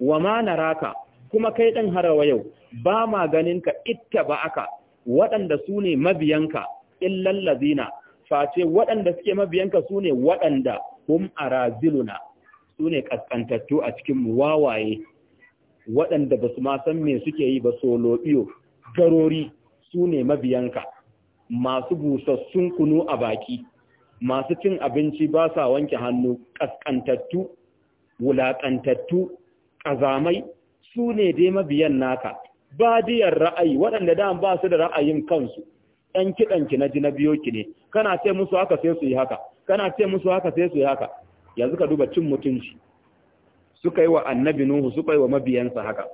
wa ma naraka kuma kai din harawa yau ba ma ganin ka itta ba aka waɗanda su ne mabiyanka illal lazina face waɗanda suke mabiyanka su ne waɗanda hum araziluna su ne kaskantattu a cikin mu wawaye waɗanda ba su ma san me suke yi ba solo solobiyo garori su ne mabiyanka masu busassun kunu a baki masu cin abinci ba sa wanke hannu ƙasƙantattu wulaƙantattu ƙazamai su ne dai mabiyan naka badiyar ra'ayi waɗanda da ba su da ra'ayin kansu ɗan kiɗanki na ji na biyo ki ne kana ce musu haka sai su yi haka kana ce musu haka sai su yi haka yanzu ka duba cin mutunci suka yi wa annabi nuhu suka yi wa mabiyansa haka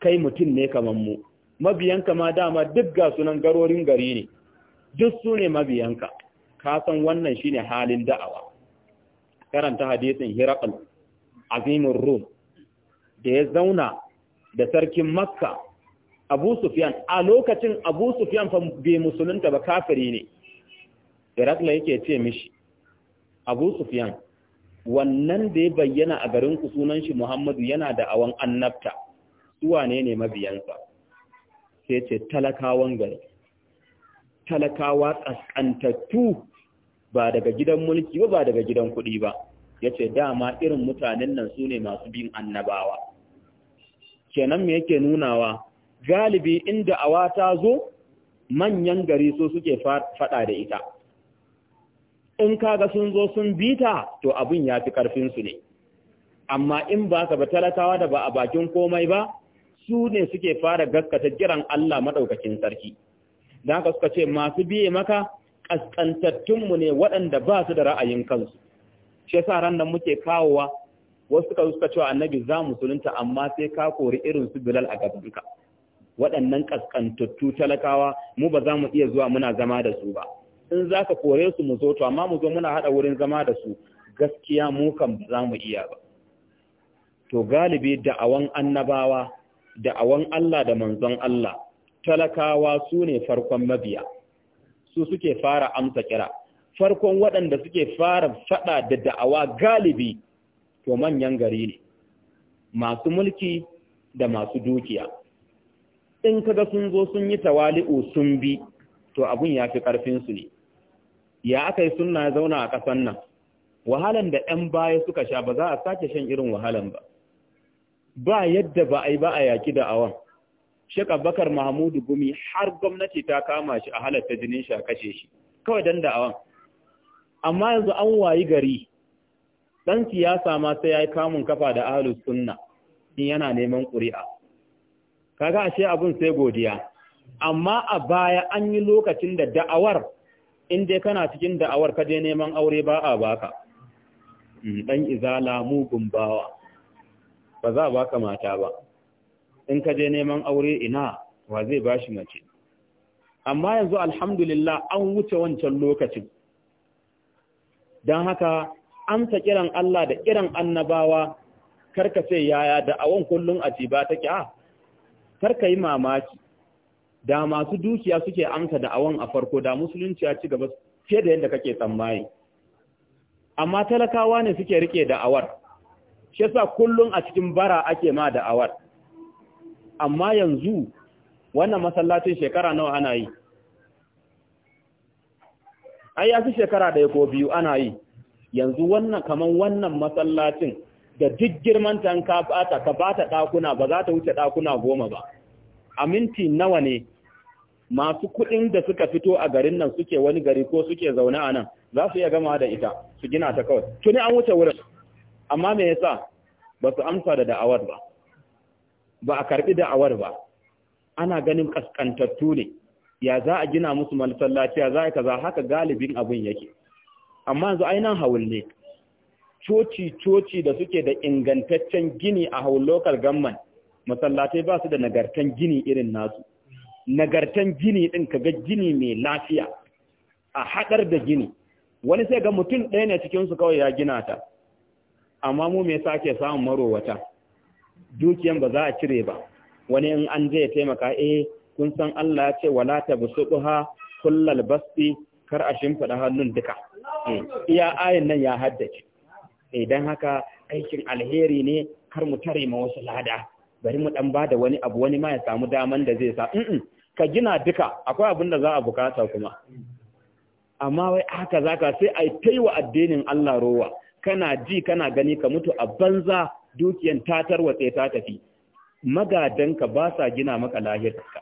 kai mutum ne kamar mu mabiyanka ma dama duk ga sunan garorin gari ne duk su ne mabiyanka ka san wannan shine halin da'awa karanta hadisin Hiraqal azimin Rum da ya zauna da sarkin Makka Abu Sufyan a lokacin Abu Sufyan fa bai musulunta ba kafiri ne Hiraqal yake ce mishi Abu Sufyan wannan da ya bayyana a garin ku sunan shi Muhammadu yana da awan annabta su ne ne mabiyansa sai ce talakawan gari talakawa tsaskantattu ba daga gidan mulki ba ba daga gidan kuɗi ba yace dama irin mutanen nan su ne masu bin annabawa kenan me yake nunawa galibi inda awa ta zo manyan gari so suke fada da ita in kaga sun zo sun bita to abin ya fi ƙarfinsu ne amma in ba ka ba talakawa da ba a bakin komai ba su ne suke fara gaskata jiran Allah maɗaukakin sarki da haka suka ce masu biye maka kaskantattunmu ne waɗanda ba su da ra'ayin kansu shi yasa ran nan muke kawowa wasu suka suka cewa annabi za mu musulunta amma sai ka kori irin su bilal a gabanka waɗannan kaskantattu talakawa mu ba za mu iya zuwa muna zama da su ba in za ka kore su mu zo to amma mu zo muna haɗa wurin zama da su gaskiya mu kan za mu iya ba to galibi da'awan annabawa da'awan Allah da manzon Allah talakawa su ne farkon mabiya su suke fara amsa kira farkon waɗanda suke fara faɗa da da'awa galibi to manyan gari ne masu mulki da masu dukiya in kaga sun zo sun yi tawali'u sun bi to abun ya fi ƙarfinsu ne ya aka yi suna zauna a ƙasan nan wahalan da 'yan baya suka sha ba za a sake shan irin wahalan ba ba yadda ba a yi ba a yaƙi da awan Sheikh Abubakar Mahmudu Gumi har gwamnati ta kama shi a halatta jinin shi a kashe shi kawai dan da'awan amma yanzu an wayi gari dan siyasa ma sai yayi kamun kafa da ahlus sunna in yana neman ƙuri'a kaga ashe abin sai godiya amma a baya an yi lokacin da da'awar in dai kana cikin da'awar ka je neman aure ba a baka mm, dan izala mugun bawa ba za a baka mata ba in ka je neman aure ina wa zai bashi mace amma yanzu alhamdulillah an wuce wancan lokacin don haka amsa kiran Allah da kiran annabawa karka sai yaya da awon kullun a ba ta a ah, karka yi mamaki da masu dukiya suke amsa da awon a farko da musulunci ya ci gaba fiye da yadda kake tsammani amma talakawa ne suke rike da awar shi yasa kullun a cikin bara ake ma da awar amma yanzu wannan masallacin shekara nawa ana yi ai ya shekara ɗaya ko biyu ana yi yanzu wannan kaman wannan masallacin da duk girman ta ka bata ka bata ɗakuna ba za ta wuce ɗakuna goma ba a minti nawa ne masu kuɗin da suka fito a garin nan suke wani gari ko suke zaune a nan za su iya gama da ita su gina ta kawai tuni an wuce wurin amma me yasa ba su amsa da da'awar ba ba a karbi awar ba ana ganin kaskantattu ne ya za a gina musu masallaci ya za a kaza haka galibin abin yake amma yanzu ainihin haul ne coci coci da suke da ingantaccen gini a haul local gamman masallatai ba su da nagartan gini irin nasu nagartan gini din kaga gini mai lafiya a hadar da gini wani sai ga mutum ɗaya ne cikinsu kawai ya gina ta amma mu me sake samun marowata dukiyan ba za a cire ba wani in an je ya taimaka eh kun san Allah ya ce wala tabsuha kullal basti kar a shimfida hannun duka eh, iya ayin nan ya haddace eh, dan haka aikin alheri ne kar mu tare ma wasu lada bari mu dan bada wani abu wani ma ya samu daman da zai sa ka gina duka akwai abin da za a bukata kuma amma wai haka zaka sai ai taiwa addinin Allah rowa kana ji kana gani ka mutu a banza dukiyan ta tarwatse ta tafi magadanka ba sa gina maka lahirka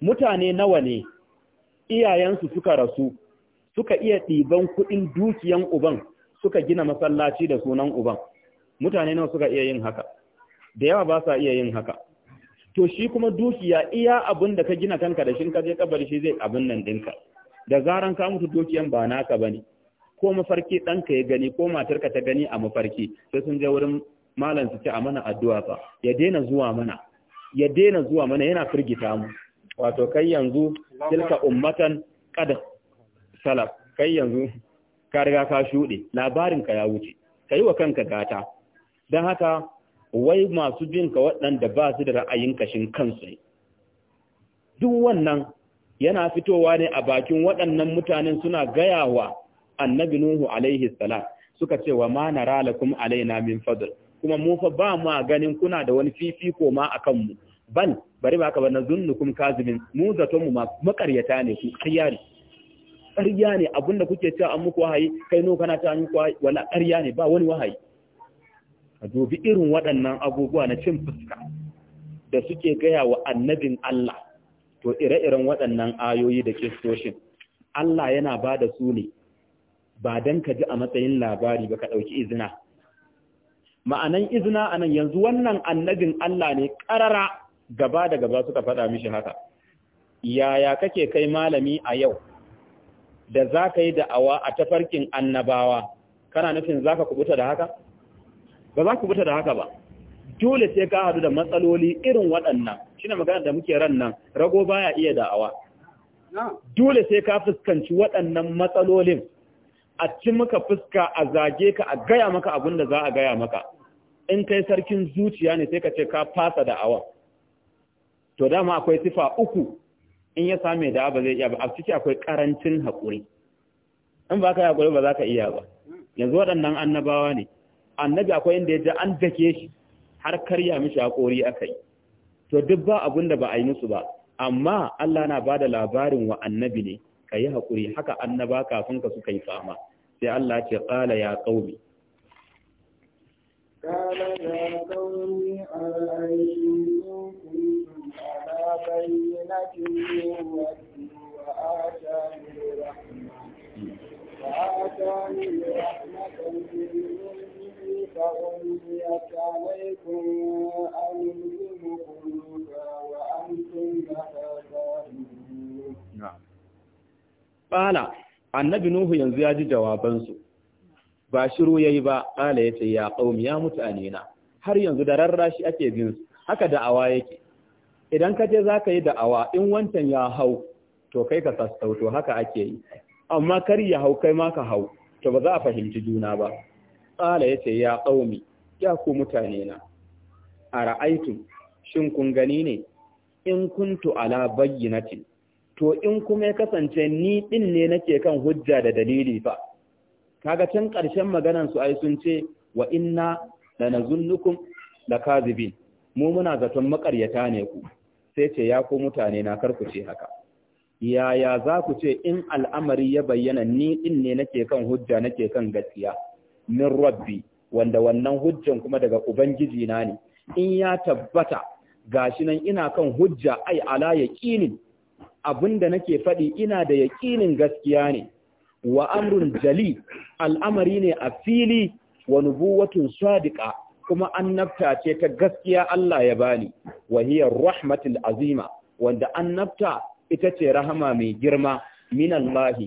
mutane nawa ne iyayensu suka rasu suka iya ɗiban kuɗin dukiyan uban suka gina masallaci da sunan uban mutane nawa suka iya yin haka da yawa ba sa iya yin haka to shi kuma dukiya iya abin da ka gina kanka da shi ka je kabari shi zai abin nan dinka? da zaran ka mutu dukiyan ba naka bane ko mafarki ɗanka ya gani ko matarka ta gani a mafarki sai sun je wurin malam su ce a mana addu'a fa ya daina zuwa mana ya daina zuwa mana yana firgita mu wato kai yanzu tilka ummatan qad salaf kai yanzu ka riga ka shude labarin ya wuce yi wa kanka gata dan haka wai masu bin ka waɗanda ba su da ra'ayin kashin kansu duk wannan yana fitowa ne a bakin waɗannan mutanen suna gayawa annabi nuhu alaihi salam suka ce wa ma nara lakum alaina min fadl kuma mu fa ba mu ganin kuna da wani fifiko ma akan mu Ban bari ba ka ba na nazunnukum kazimin mu zaton mu makaryata ne ku ƙarya ƙarya ne abinda kuke cewa an muku wahayi kai no kana ta an muku wahayi wala ƙarya ne ba wani wahayi a dubi irin waɗannan abubuwa na cin fuska da suke gaya wa annabin Allah to ire-iren waɗannan ayoyi da kistoshin Allah yana ba da su ne ba don ka ji a matsayin labari ba ka ɗauki izina ma'anan izina anan yanzu wannan annabin Allah ne ƙarara gaba da gaba suka faɗa mishi haka yaya kake kai malami a yau da za ka yi da'awa a tafarkin annabawa kana nufin za ka kubuta da haka? ba za ka kubuta da haka ba dole sai ka hadu da matsaloli irin waɗannan shi ne magana da muke ran nan rago baya iya da'awa dole sai ka fuskanci waɗannan matsalolin a ci maka fuska a zage ka a gaya maka abin da za a gaya maka in kai sarkin zuciya ne sai ka ce ka fasa da awa to dama akwai sifa uku in ya same da ba zai iya ba a ciki akwai karancin haƙuri in ba ka yi haƙuri ba za ka iya ba yanzu waɗannan annabawa ne annabi akwai inda ya ji an dake shi har karya mishi haƙuri aka yi to duk ba abin da ba a yi musu ba amma Allah na ba da labarin wa annabi ne ka yi haƙuri haka annaba kafin ka suka yi fama sai Allah ce ƙala ya ƙaumi وآتاني رحمة من فغلي عليكم أن تمكنوا وأنتم لها ƙala annabi nuhu yanzu ya ji jawabansu ba shiru yi ba ƙala ya ce ya ƙaumi ya mutane na har yanzu da rarrashi ake bin su haka da'awa yake idan ka je ka yi da'awa in wancan ya hau to kai ka sassauto haka ake yi amma kar ya hau kai ma ka hau to ba za a fahimci juna ba ƙala ya ce ya ƙaumi ya ku mutane na a ra'aitu shin kun gani ne in kuntu ala bayyinatin to in kuma ya kasance ni din ne nake kan hujja da dalili fa kaga can ƙarshen maganan su ai sun ce wa inna lanazunnukum lakazibin mu muna zaton makaryata ne ku sai ce ya ko mutane na ku ce haka yaya za ku ce in al'amari ya bayyana ni din ne nake kan hujja nake kan gaskiya min rabbi wanda wannan hujjan kuma daga ubangiji na ne in ya tabbata gashi nan ina kan hujja ai ala yaqinin Abin da nake faɗi ina da yaƙinin gaskiya ne wa amrun jali al'amari ne a fili wa nubuwatun sadiqa kuma annabta ce ta gaskiya Allah ya bani wa hiya rahmatul azima wanda annabta ita ce rahama mai girma min Allah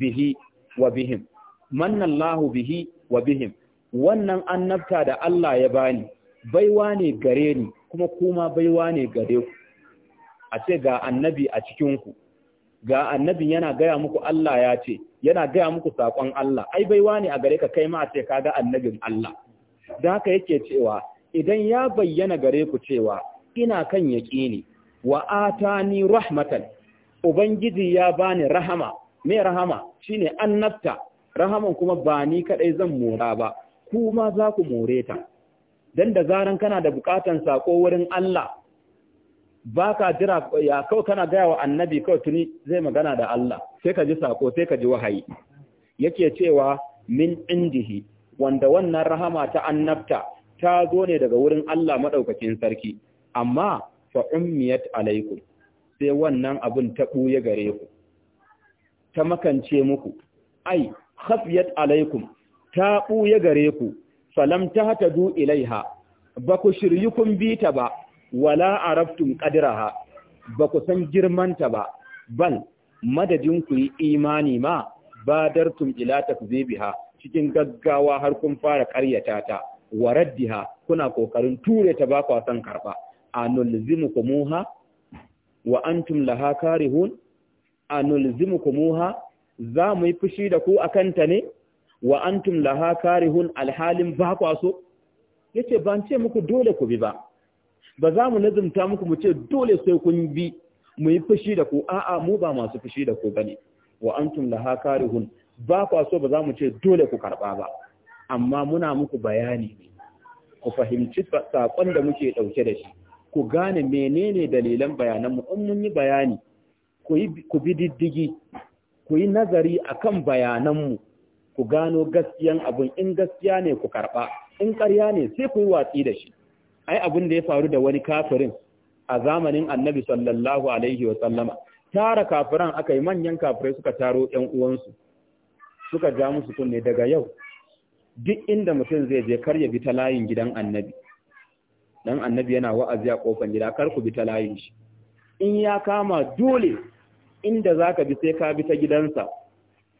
bihi wa bihim manna Allah bihi wa bihim wannan annabta da Allah ya bani baiwa ne gare ni kuma kuma baiwa ne gare ku a ce ga annabi a cikinku ga annabin yana gaya muku Allah ya ce yana gaya muku sakon Allah ai baiwa ne a gare ka kai ma a ce kaga annabin Allah da haka yake cewa idan ya bayyana gare ku cewa ina kan yaƙini wa atani rahmatan ubangiji ya bani rahama me rahama shine annabta rahaman kuma ba ni kadai zan mora ba kuma za ku more ta dan da zaran kana da bukatan sako wurin Allah ba ka jira ya kawai kana gaya wa annabi kawai tuni zai magana da Allah sai ka ji sako sai ka ji wahayi yake cewa min indihi wanda wannan rahama ta annabta ta zo ne daga wurin Allah madaukakin sarki amma fa ummiyat alaikum sai wannan abun ta buye gare ku ta makance muku ai khafiyat alaikum ta buye gare ku falam tahtadu ilaiha ba ku shiryu kun bita ba wala araftum qadraha ba ku san girmanta ba bal madadin ku yi imani ma badartum ila takzibiha cikin gaggawa har kun fara ƙaryata ta wa raddiha kuna kokarin ture ta ba ku san karba anulzimukumuha wa antum laha karihun anulzimukumuha za mu yi fushi da ku akanta ne wa antum laha karihun alhalin ba ku so yace ban ce muku dole ku bi ba ba za mu nazumta muku mu ce dole sai kun bi mu yi fushi da ku a'a mu ba masu fushi da ku bane wa antum laha karihun ba kwa so ba za mu ce dole ku karba ba amma muna muku bayani ne ku fahimci sakon da muke dauke da shi ku gane menene dalilan bayanan mu in mun yi bayani ku yi ku bi diddigi ku yi nazari akan bayanan mu ku gano gaskiyan abun in gaskiya ne ku karba in ƙarya ne sai ku yi watsi da shi ai abin da ya faru da wani kafirin a zamanin annabi sallallahu alaihi wa sallama tara kafiran aka yi manyan kafirai suka taro ƴan uwansu suka ja musu kunne daga yau duk inda mutum zai je kar ya bi ta layin gidan annabi dan annabi yana wa'azi a kofar gida kar ku bi ta layin shi in ya kama dole inda zaka bi sai ka bi ta gidansa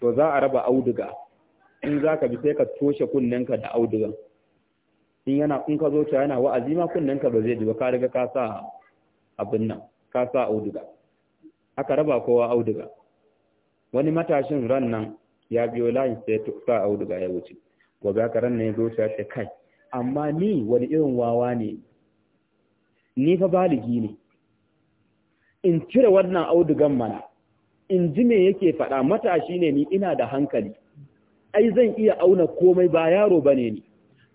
to za a raba auduga in zaka bi sai ka toshe kunnenka da audugan in yana in ka zo ta yana wa'azi ma kunnen ka ba zai ji ba ka riga ka sa abin nan ka sa auduga aka raba kowa auduga wani matashin ran nan ya biyo layin sai sa auduga ya wuce gobe aka ran nan ya zo ta kai amma ni wani irin wawa ne ni fa baligi ne in cire wannan audugan mana in ji me yake faɗa matashi ne ni ina da hankali ai zan iya auna komai ba yaro bane ni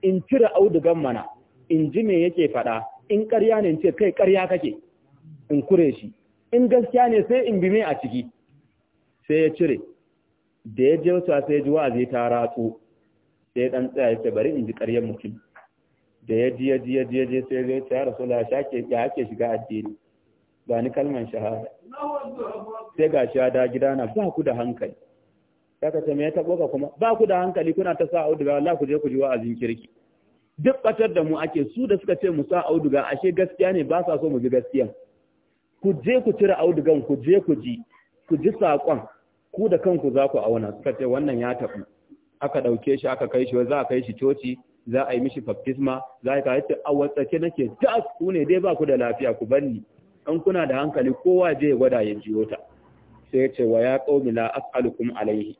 in cire audugan mana in ji me yake faɗa in ƙarya ne ce kai ƙarya kake in kure shi in gaskiya ne sai in bi me a ciki sai ya cire da ya je wasu sai ji wa'azi ta ratsu sai dan tsaya bari in ji ƙaryar mutum da ya ji ya ji ya ji ya ji sai ya zo ya shake ya ake shiga addini ba ni kalman shahada sai ga shi ya da gidana ba ku da hankali Saka ce me ya ka kuma ba ku da hankali kuna ta sa auduga Allah ku je ku ji wa'azin kirki. Duk batar da mu ake su da suka ce mu sa auduga ashe gaskiya ne ba sa so mu ji gaskiya. Ku je ku cire audugan ku je ku ji ku ji saƙon ku da kanku za ku auna suka ce wannan ya taɓu. Aka ɗauke shi aka kai shi za a kai shi coci za a yi mishi baptisma za a yi a na nake ta ku ne dai ba ku da lafiya ku bar ni. an kuna da hankali kowa je gwada ya jiyo ta sai ce wa ya qaumi la as'alukum alaihi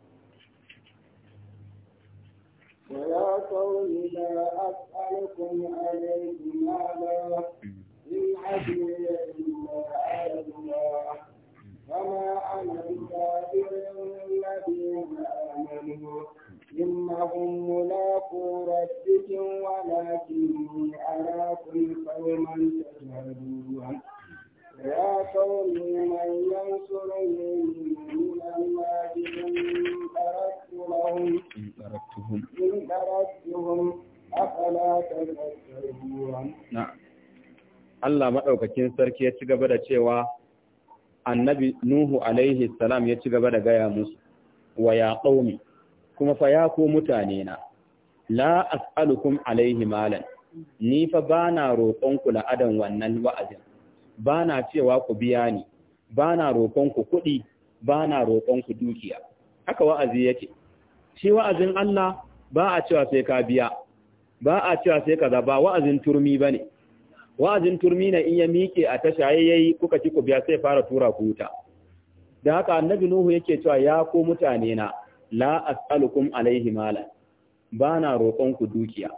ويا قوم لا أسألكم عليه مالا إن أجري إلا على الله وما أنا بكافر الذين آمنوا إنهم ملاقو ربكم ولكني أراكم قوما تجهلون يا قوم من ينصرني من الله إن تركتهم إن تركتهم أفلا تذكرون نعم Allah maɗaukakin sarki ya ci gaba da cewa annabi Nuhu alaihi salam ya ci gaba da gaya musu wa ya ƙaumi kuma fa ya ku mutane na la as'alukum alaihi malan ni fa bana roƙon ku la'adan wannan wa'azin ba na cewa ku biya ni, ba na roƙonku kuɗi, ba na roƙonku dukiya. Haka wa'azi yake, shi wa'azin Allah ba a cewa sai ka biya, ba a cewa sai ka zaba wa'azin turmi ba ne. Wa'azin turmi na ya miƙe a tasha yayi kuka ci ku biya sai fara tura ku wuta. Da haka annabi Nuhu yake cewa ya ko mutane na la as'alukum alaihi mala ba na roƙonku dukiya.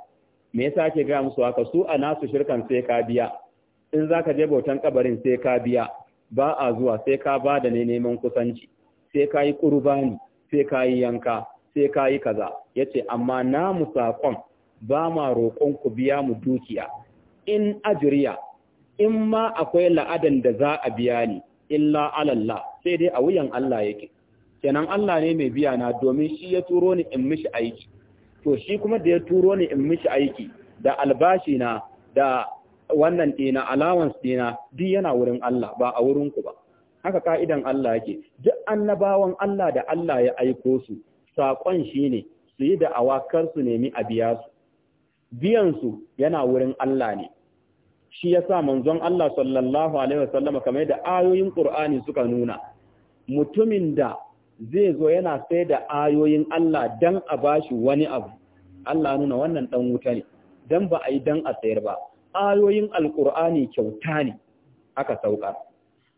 Me yasa ke gaya musu haka su a nasu shirkan sai ka biya in za ka je bautan kabarin sai ka biya ba a zuwa sai ka ba da ne neman kusanci sai ka yi ƙurbani sai ka yi yanka sai ka yi kaza yace. amma na mu saƙon ba ma roƙon ku biya mu dukiya in ajiriya in ma akwai la'adan da za a biya ni illa alalla sai dai a wuyan Allah yake kenan Allah ne mai biya na domin shi ya turo ni in mishi aiki to shi kuma da ya turo ni in mishi aiki da albashi na da wannan dina allowance dina duk yana wurin Allah ba a wurin ku ba haka ka'idan Allah yake duk annabawan Allah da Allah ya aiko su sakon shine su yi da awakar su nemi a biya su biyan su yana wurin Allah ne shi yasa manzon Allah sallallahu alaihi wasallama kamar da ayoyin Qur'ani suka nuna mutumin da zai zo yana sai da ayoyin Allah dan a bashi wani abu Allah nuna wannan dan wuta ne dan ba a yi dan a sayar ba ayoyin alkur'ani kyauta ne aka sauka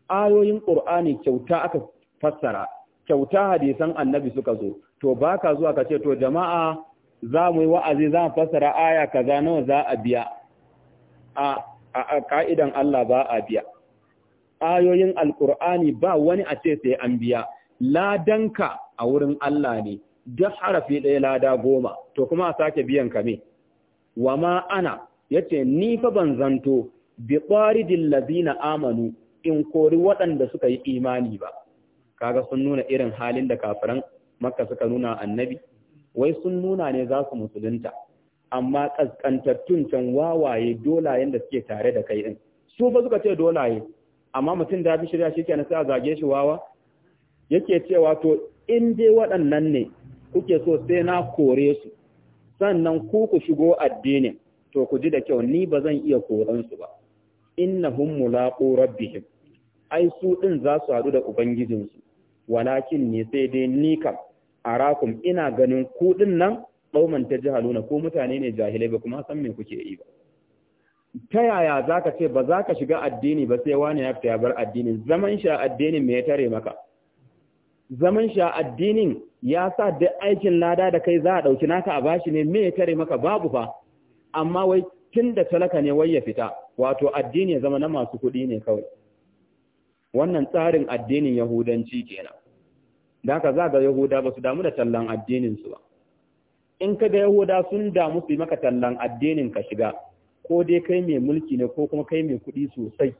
ayoyin qur'ani kyauta aka fassara kyauta hadisan annabi suka zo to baka zuwa ka ce to jama'a za mu yi wa'azi za mu fassara aya kaza nawa za a biya a a ka'idan Allah ba a biya ayoyin alkur'ani ba wani a ce sai an biya ladanka a wurin Allah ne duk harafi ɗaya lada goma to kuma a sake biyan ka me wa ma ana yace ni fa ban zanto bi qaridil ladina amanu in kori waɗanda suka yi imani ba kaga sun nuna irin halin da kafiran makka suka nuna annabi wai sun nuna ne za su musulunta amma kaskantattun can wawaye dolayen da suke tare da kai din su fa suka ce dolaye amma mutum da bi shirya shi kenan sai a zage shi wawa yake cewa to in dai waɗannan ne kuke so sai na kore su sannan ku ku shigo addinin to ku ji da kyau ni ba zan iya koran su ba innahum mulaqu rabbihim ai su din za su haɗu da ubangijinsu walakin ne sai dai ni kam arakum ina ganin ku din nan dauman ta jahaluna ko mutane ne jahilai ba kuma san me kuke yi ba ta yaya zaka ce ba za ka shiga addini ba sai wani ya fita ya bar addinin zaman sha addinin me ya tare maka zaman sha addinin ya sa da aikin lada da kai za a ɗauki naka a bashi ne me ya tare maka babu fa amma wai tun da talaka ne wai ya fita wato addini ya zama na masu kuɗi ne kawai wannan tsarin addinin yahudanci kenan da haka za ga yahuda ba su damu da tallan addininsu ba in ka ga yahuda sun damu su yi maka tallan addinin ka shiga ko dai kai mai mulki ne ko kuma kai mai kuɗi sosai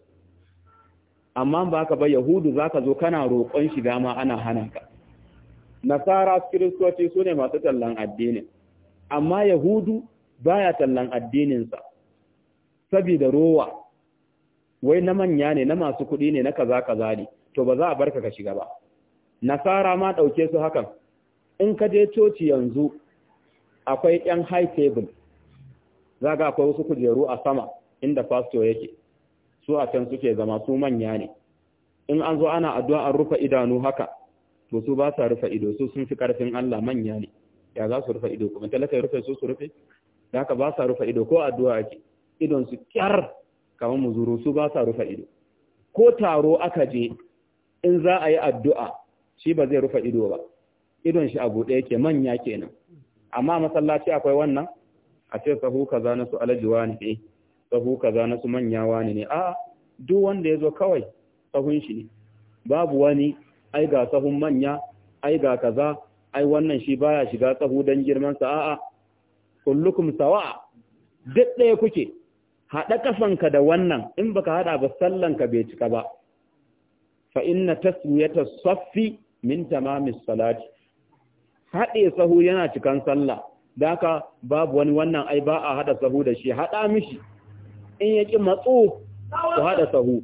amma ba ka ba yahudu za ka zo kana roƙon shiga ma ana hana ka nasara kiristoci su ne masu tallan addinin amma yahudu baya tallan addininsa saboda rowa wai na manya ne na masu kuɗi ne na kaza kaza ne to ba za a barka ka shiga ba nasara ma ɗauke su hakan in ka je coci yanzu akwai 'yan high table za ga akwai wasu kujeru a sama inda fasto yake su a can suke zama su manya ne in an zo ana addu'a an rufe idanu haka to su ba sa rufe ido su sun fi karfin Allah manya ne ya za su rufe ido kuma talaka rufe su su rufe da haka ba sa rufe ido ko addu'a ake idon su kyar kamar muzuru su ba sa rufe ido ko taro aka je in za a yi addu'a shi ba zai rufe ido ba idon shi a buɗe yake manya kenan amma masallaci akwai wannan a ce sahu kaza na su alajiwa ne sahu kaza na su manya wani ne a duk wanda ya zo kawai sahun shi ne babu wani ai ga sahun manya ai ga kaza ai wannan shi baya shiga sahu dan girman sa a'a kullukum sawa duk ɗaya kuke haɗa kafanka da wannan in baka haɗa ba ka bai cika ba fa inna tasmiyata saffi min tamamis salati haɗe sahu yana cikan sallah daka babu wani wannan ai ba a haɗa sahu da shi haɗa mishi in yaki matso ku haɗa sahu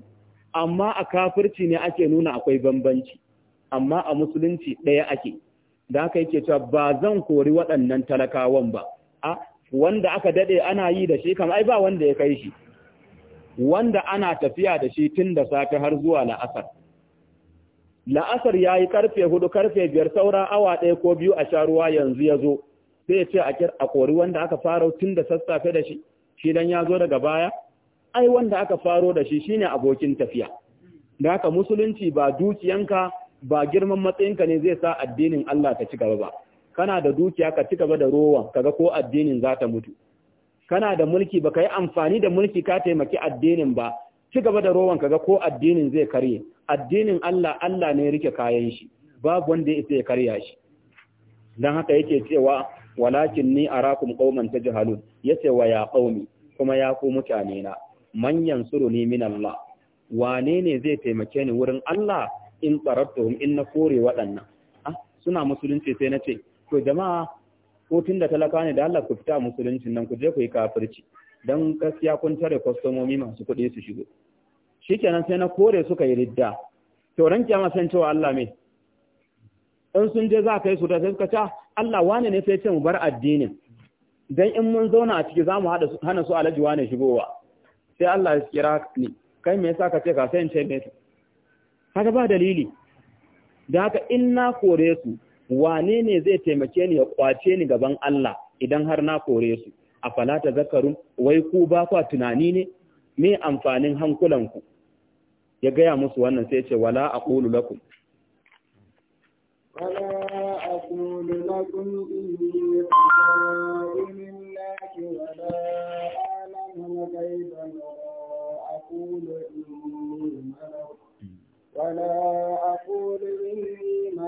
amma a kafirci ne ake nuna akwai bambanci amma a musulunci ɗaya ake da aka yake cewa ba zan kori waɗannan talakawan ba a wanda aka dade ana yi da shi kam ai ba wanda ya kai shi wanda ana tafiya da shi tun da safe har zuwa la'asar la'asar ya yi karfe hudu karfe biyar saura awa ɗaya ko biyu a sha ruwa yanzu ya zo sai ce a kori wanda aka faro tun da sassafe da shi shi dan ya zo daga baya ai wanda aka faro da shi shine abokin tafiya da haka musulunci ba dukiyanka ba girman matsayinka ne zai sa addinin Allah ta ci gaba ba kana da dukiya ka ci gaba da rowan kaga ko addinin za ta mutu kana da mulki ba ka yi amfani da mulki ka taimaki addinin ba ci gaba da rowan kaga ko addinin zai karye addinin Allah Allah ne rike kayan shi babu wanda ya ya karya shi dan haka yake cewa walakin ni arakum qauman tajhalun yace wa ya qaumi kuma ya ku mutane na man ni min Allah wane ne zai taimake ni wurin Allah in tsarattuhum in na kore waɗannan ah suna musulunci sai na ce to jama'a ko tun da talaka ne da Allah ku fita musuluncin nan ku je ku yi kafirci dan gaskiya kun tare kwastomomi masu kuɗi su shigo shikenan sai na kore suka yi ridda to ran kiyama san cewa Allah me in sun je za ka su da sai suka ce Allah wane ne sai ce mu bar addinin dan in mun zauna a ciki zamu hada hana su alaji wane shigowa sai Allah ya kira ni kai me yasa ka ce ka sai in ce me kaga ba dalili da haka in na kore su wane ne zai taimake ni ya kwace ni gaban Allah idan har na kore su a falata zakarun wai ku ba kwa tunani ne me amfanin hankulanku ya gaya musu wannan sai ce wala aqulu lakum wala aqulu lakum inni qadillahi wala wala inni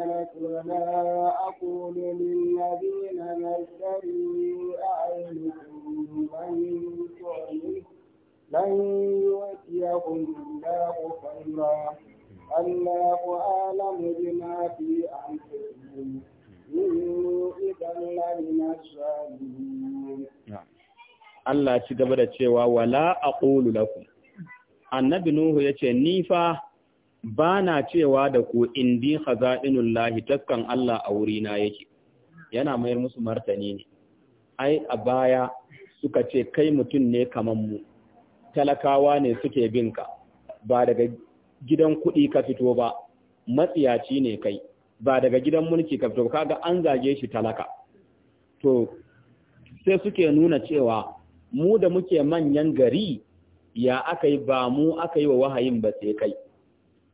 آمنت وما أقول للذين مزدروا أعينكم من تؤمن لن يؤتيهم الله خيرا الله أعلم بما في أنفسهم إني إذا لمن الظالمين Allah ci gaba da cewa wala aqulu lakum annabi nuhu yace ni fa ba na cewa da ku indi khaza'inul lahi takkan Allah a wurina yake yana mayar musu martani ne ai a baya suka ce kai mutum ne kaman mu talakawa ne suke binka ba daga gidan kuɗi ka fito ba matsiyaci ne kai ba daga gidan mulki ka fito kaga an zage shi talaka to sai suke nuna cewa mu da muke manyan gari ya aka yi ba mu aka yi wa wahayin ba sai kai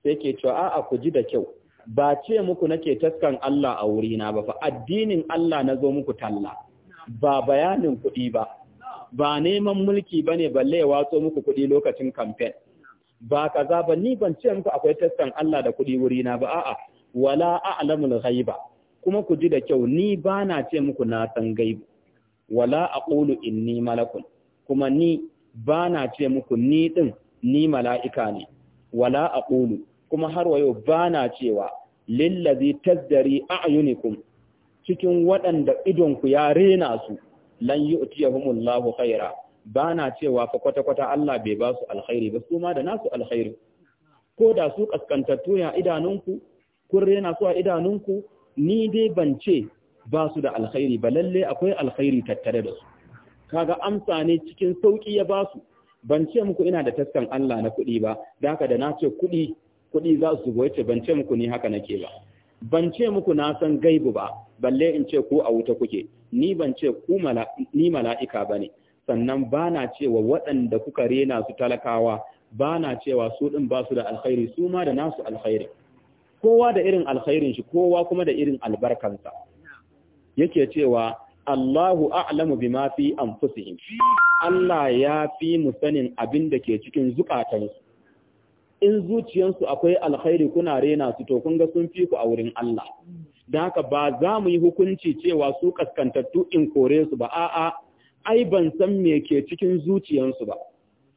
sai ke cewa a'a ku ji da kyau ba ce muku nake taskan Allah a wurina ba fa addinin Allah na zo muku talla ba bayanin kuɗi ba ba neman mulki bane balle ya watso muku kuɗi lokacin campaign ba kaza ba ni ban ce muku akwai taskan Allah da kuɗi wurina ba a'a wala a'lamul ghaiba kuma ku ji da kyau ni ba na ce muku na san gaibu wala aqulu inni malakun kuma ni ba na ce muku ni din ni mala'ika ne wala aqulu kuma har wayo bana cewa lillazi tazdari a'yunukum cikin waɗanda idonku ya rena su lan yu'tiyahumullahu khaira bana cewa fa kwata kwata Allah bai ba su alkhairi ba su ma da nasu alkhairi ko da su kaskantattu ya idanunku kun rena su a idanunku ni dai ban ce ba su da alkhairi ba lalle akwai alkhairi tattare da su kaga amsa ne cikin sauki ya ba su ban ce muku ina da taskan Allah na kuɗi ba da haka da na ce kuɗi kuɗi za su goye ce ban ce muku ni haka nake ba ban ce muku na san gaibu ba balle in ce ku a wuta kuke ni ban ce ku ni mala'ika bane sannan bana cewa waɗanda kuka rena su talakawa bana cewa su din ba su da alkhairi su ma da nasu alkhairi kowa da irin alkhairin shi kowa kuma da irin albarkansa yake cewa Allahu a'lamu bima fi anfusihim Allah ya fi mu sanin abin da ke cikin zukatansu in zuciyansu akwai alkhairi kuna rena su to kun ga sun fi ku a wurin Allah dan haka ba za mu yi hukunci cewa su kaskantattu in kore su ba a'a ai ban san me ke cikin zuciyansu ba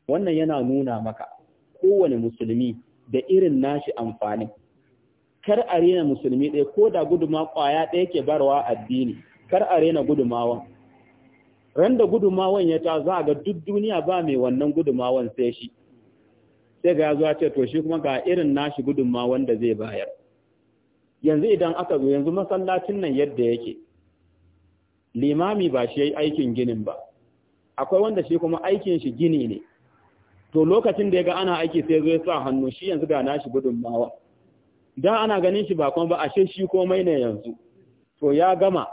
wannan yana nuna maka kowane musulmi da irin nashi amfani kar a rena musulmi ɗaya ko da guduma ƙwaya ɗaya ke barwa addini kar a rena gudumawan ran da gudumawan ya ta za ga duk duniya ba mai wannan gudumawan sai shi sai ga ya ce to shi kuma ga irin nashi gudumawan da zai bayar yanzu idan aka zo yanzu masallacin nan yadda yake limami ba shi yayi aikin ginin ba akwai wanda shi kuma aikin shi gini ne to lokacin da ya ga ana aiki sai zai sa hannu shi yanzu ga nashi gudunmawa da ana ganin shi ba kuma ba ashe shi komai ne yanzu to ya gama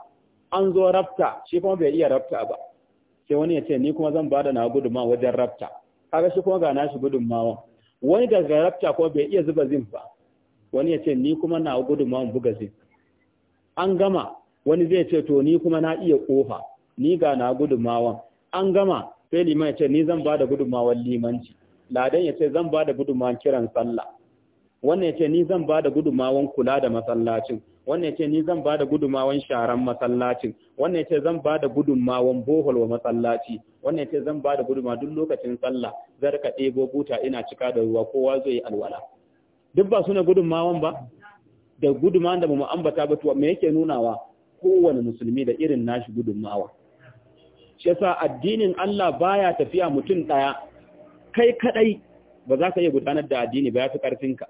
an zo rafta shi kuma bai iya rafta ba sai wani ya ce ni kuma zan bada na gudunma wajen rafta kaga shi kuma ga nashi gudunmawa wani daga rafta kuma bai iya zuba zin ba wani ya ce ni kuma na gudunma buga zin an gama wani zai ce to ni kuma na iya kofa ni ga na gudunmawan an gama sai liman ya ce ni zan bada gudunmawan limanci ladan ya ce zan bada gudunmawan kiran sallah wannan yace ni zan bada gudumawan kula da masallacin wannan yace ni zan bada gudumawan sharan masallacin wannan yace zan bada gudumawan bohol wa masallaci wannan yace zan bada guduma duk lokacin sallah zan rika ɗebo buta ina cika da ruwa kowa zai yi alwala duk ba suna gudumawan ba da guduma da mu ambata ba me yake nunawa kowane musulmi da irin nashi gudumawa shi yasa addinin Allah baya tafiya mutum daya kai kadai ba za ka iya gudanar da addini ba ya fi ka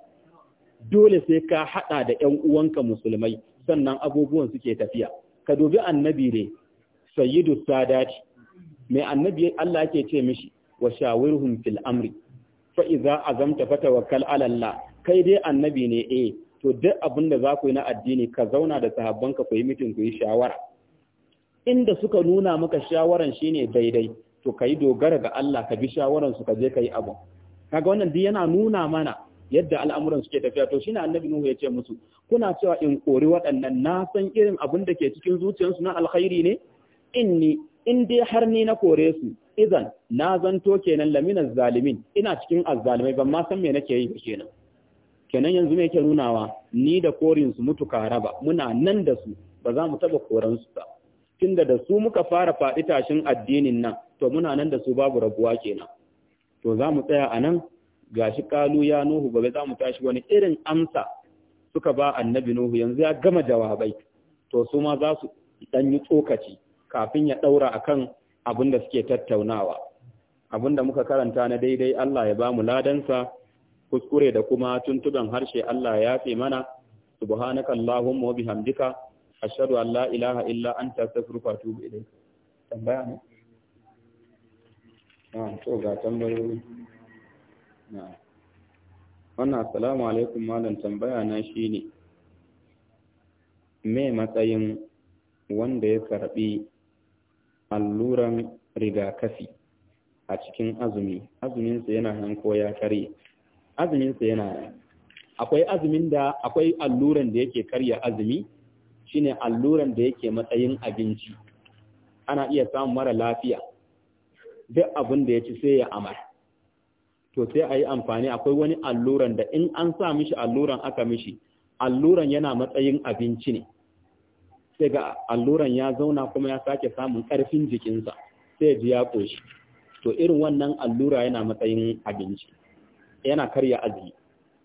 dole sai ka haɗa da ‘yan uwanka musulmai sannan abubuwan suke tafiya. Ka dubi annabi ne, sayyidu sadati, mai annabi Allah ke ce mishi, wa shawirhum fil amri, fa a azamta fata wa kal kai dai annabi ne eh, to duk abin da za ku yi na addini ka zauna da sahabbanka ku yi mitin ku yi shawara. Inda suka nuna maka shawaran shine daidai, to ka yi dogara ga Allah ka bi shawaran su ka je ka yi abu. Kaga wannan duk yana nuna mana yadda al'amuran suke tafiya to na annabi nuhu ya ce musu kuna cewa in kori waɗannan na san irin abin da ke cikin zuciyarsu na alkhairi ne inni in dai har ni na kore su izan na zanto kenan lamina zalimin ina cikin azzalimai ban ma san me nake yi kenan kenan yanzu me yake nunawa ni da korin su mutu karaba muna nan da su ba za mu taba koran su ba tunda da su muka fara faɗi tashin addinin nan to muna nan da su babu rabuwa kenan to za mu tsaya a nan gashi kalu ya nuhu gobe za mu tashi wani irin amsa suka ba annabi nuhu yanzu ya gama jawabai to su ma za su dan yi tsokaci kafin ya daura akan abin da suke tattaunawa abin da muka karanta na daidai Allah ya ba mu ladansa kuskure da kuma tuntuban harshe Allah ya fi mana subhanaka allahumma wa bihamdika ashhadu an la ilaha illa anta astaghfiruka wa atubu ilayk tambaya ne ah to ga wannan assalamu alaikum malam tambaya na shine me matsayin wanda ya karɓi alluran rigakafi a cikin azumi azuminsa yana nan ko ya kare azuminsa yana akwai azumin da akwai alluran da yake karya azumi shine alluran da yake matsayin abinci ana iya samun mara lafiya duk abin da ya ci sai ya amara to sai a yi amfani akwai wani alluran da in an sa mishi alluran aka mishi alluran yana matsayin abinci ne sai ga alluran ya zauna kuma ya sake samun ƙarfin jikinsa sai ji ya ƙoshi to irin wannan allura yana matsayin abinci yana karya aziki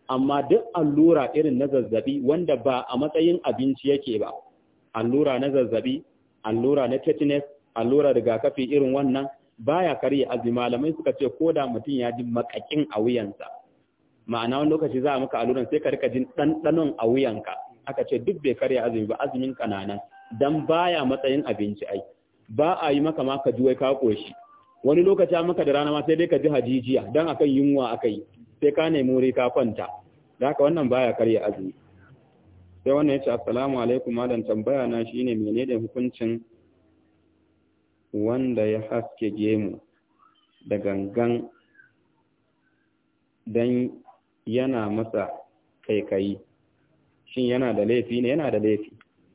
amma duk allura irin na zazzabi wanda ba a matsayin abinci yake ba allura na zazzabi allura na tetanus allura rigakafi irin wannan baya karya azumi malamai suka ce ko da mutum ya ji makakin a wuyansa ma'ana wani lokaci za a maka aluran sai ka rika jin ɗanɗanon a wuyanka aka ce duk bai karya azumi ba azumin kananan dan baya matsayin abinci ai ba a yi maka ma ka ji wai ka koshi wani lokaci maka da rana ma sai dai ka ji hajijiya dan akan yunwa akai sai ka nemi wuri ka kwanta da haka wannan baya karya azumi sai wannan ya ce assalamu alaikum malam tambaya na shine menene hukuncin wanda ya haske gemu da gangan don yana masa kaikayi shin yana da laifi ne yana da laifi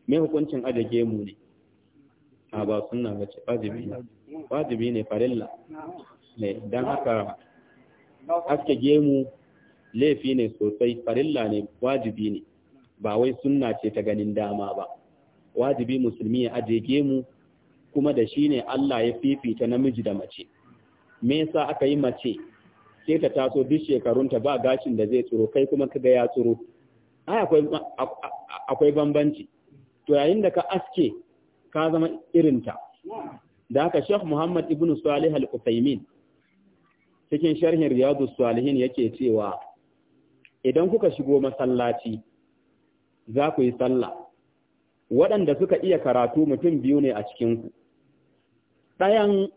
me hukuncin aje gemu ne a ba suna ga ce wajibi ne wajibi ne farilla ne don haka haske gemu laifi ne sosai farilla ne wajibi ne ba wai sunna ce ta ganin dama ba wajibi musulmi ya aje gemu kuma da shi ne Allah ya fifita namiji da mace me sa aka yi mace sai ta taso duk shekarunta ba gashin da zai tsoro, kai kuma ga ya tsoro? ai akwai bambanci to yayin da ka aske ka zama irinta da haka Sheikh Muhammad Ibn Salih al qusaymin cikin sharhin Riyadu Salihin yake cewa idan kuka shigo masallaci za ku yi sallah waɗanda suka iya karatu mutum biyu ne a cikinku ɗayan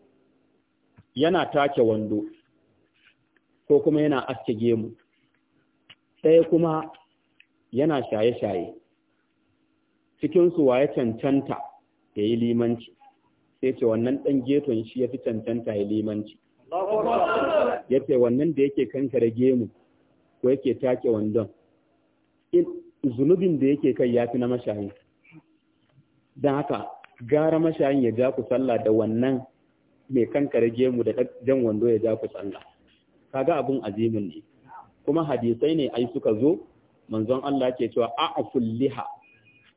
yana take wando ko kuma yana aske gemu ɗaya kuma yana shaye-shaye cikinsu wa ya cancanta ya yi limanci sai ce wannan ɗan geton shi ya fi cancanta ya limanci ya ce wannan da yake kankare gemu ko yake take wandon zunubin da yake kai ya fi na mashayi don haka gara mashayin ya ja ku sallah da wannan mai kankare gemu da jan wando ya ja ku sallah kaga abun azimin ne kuma hadisai ne ai suka zo manzon Allah ke cewa a'ful liha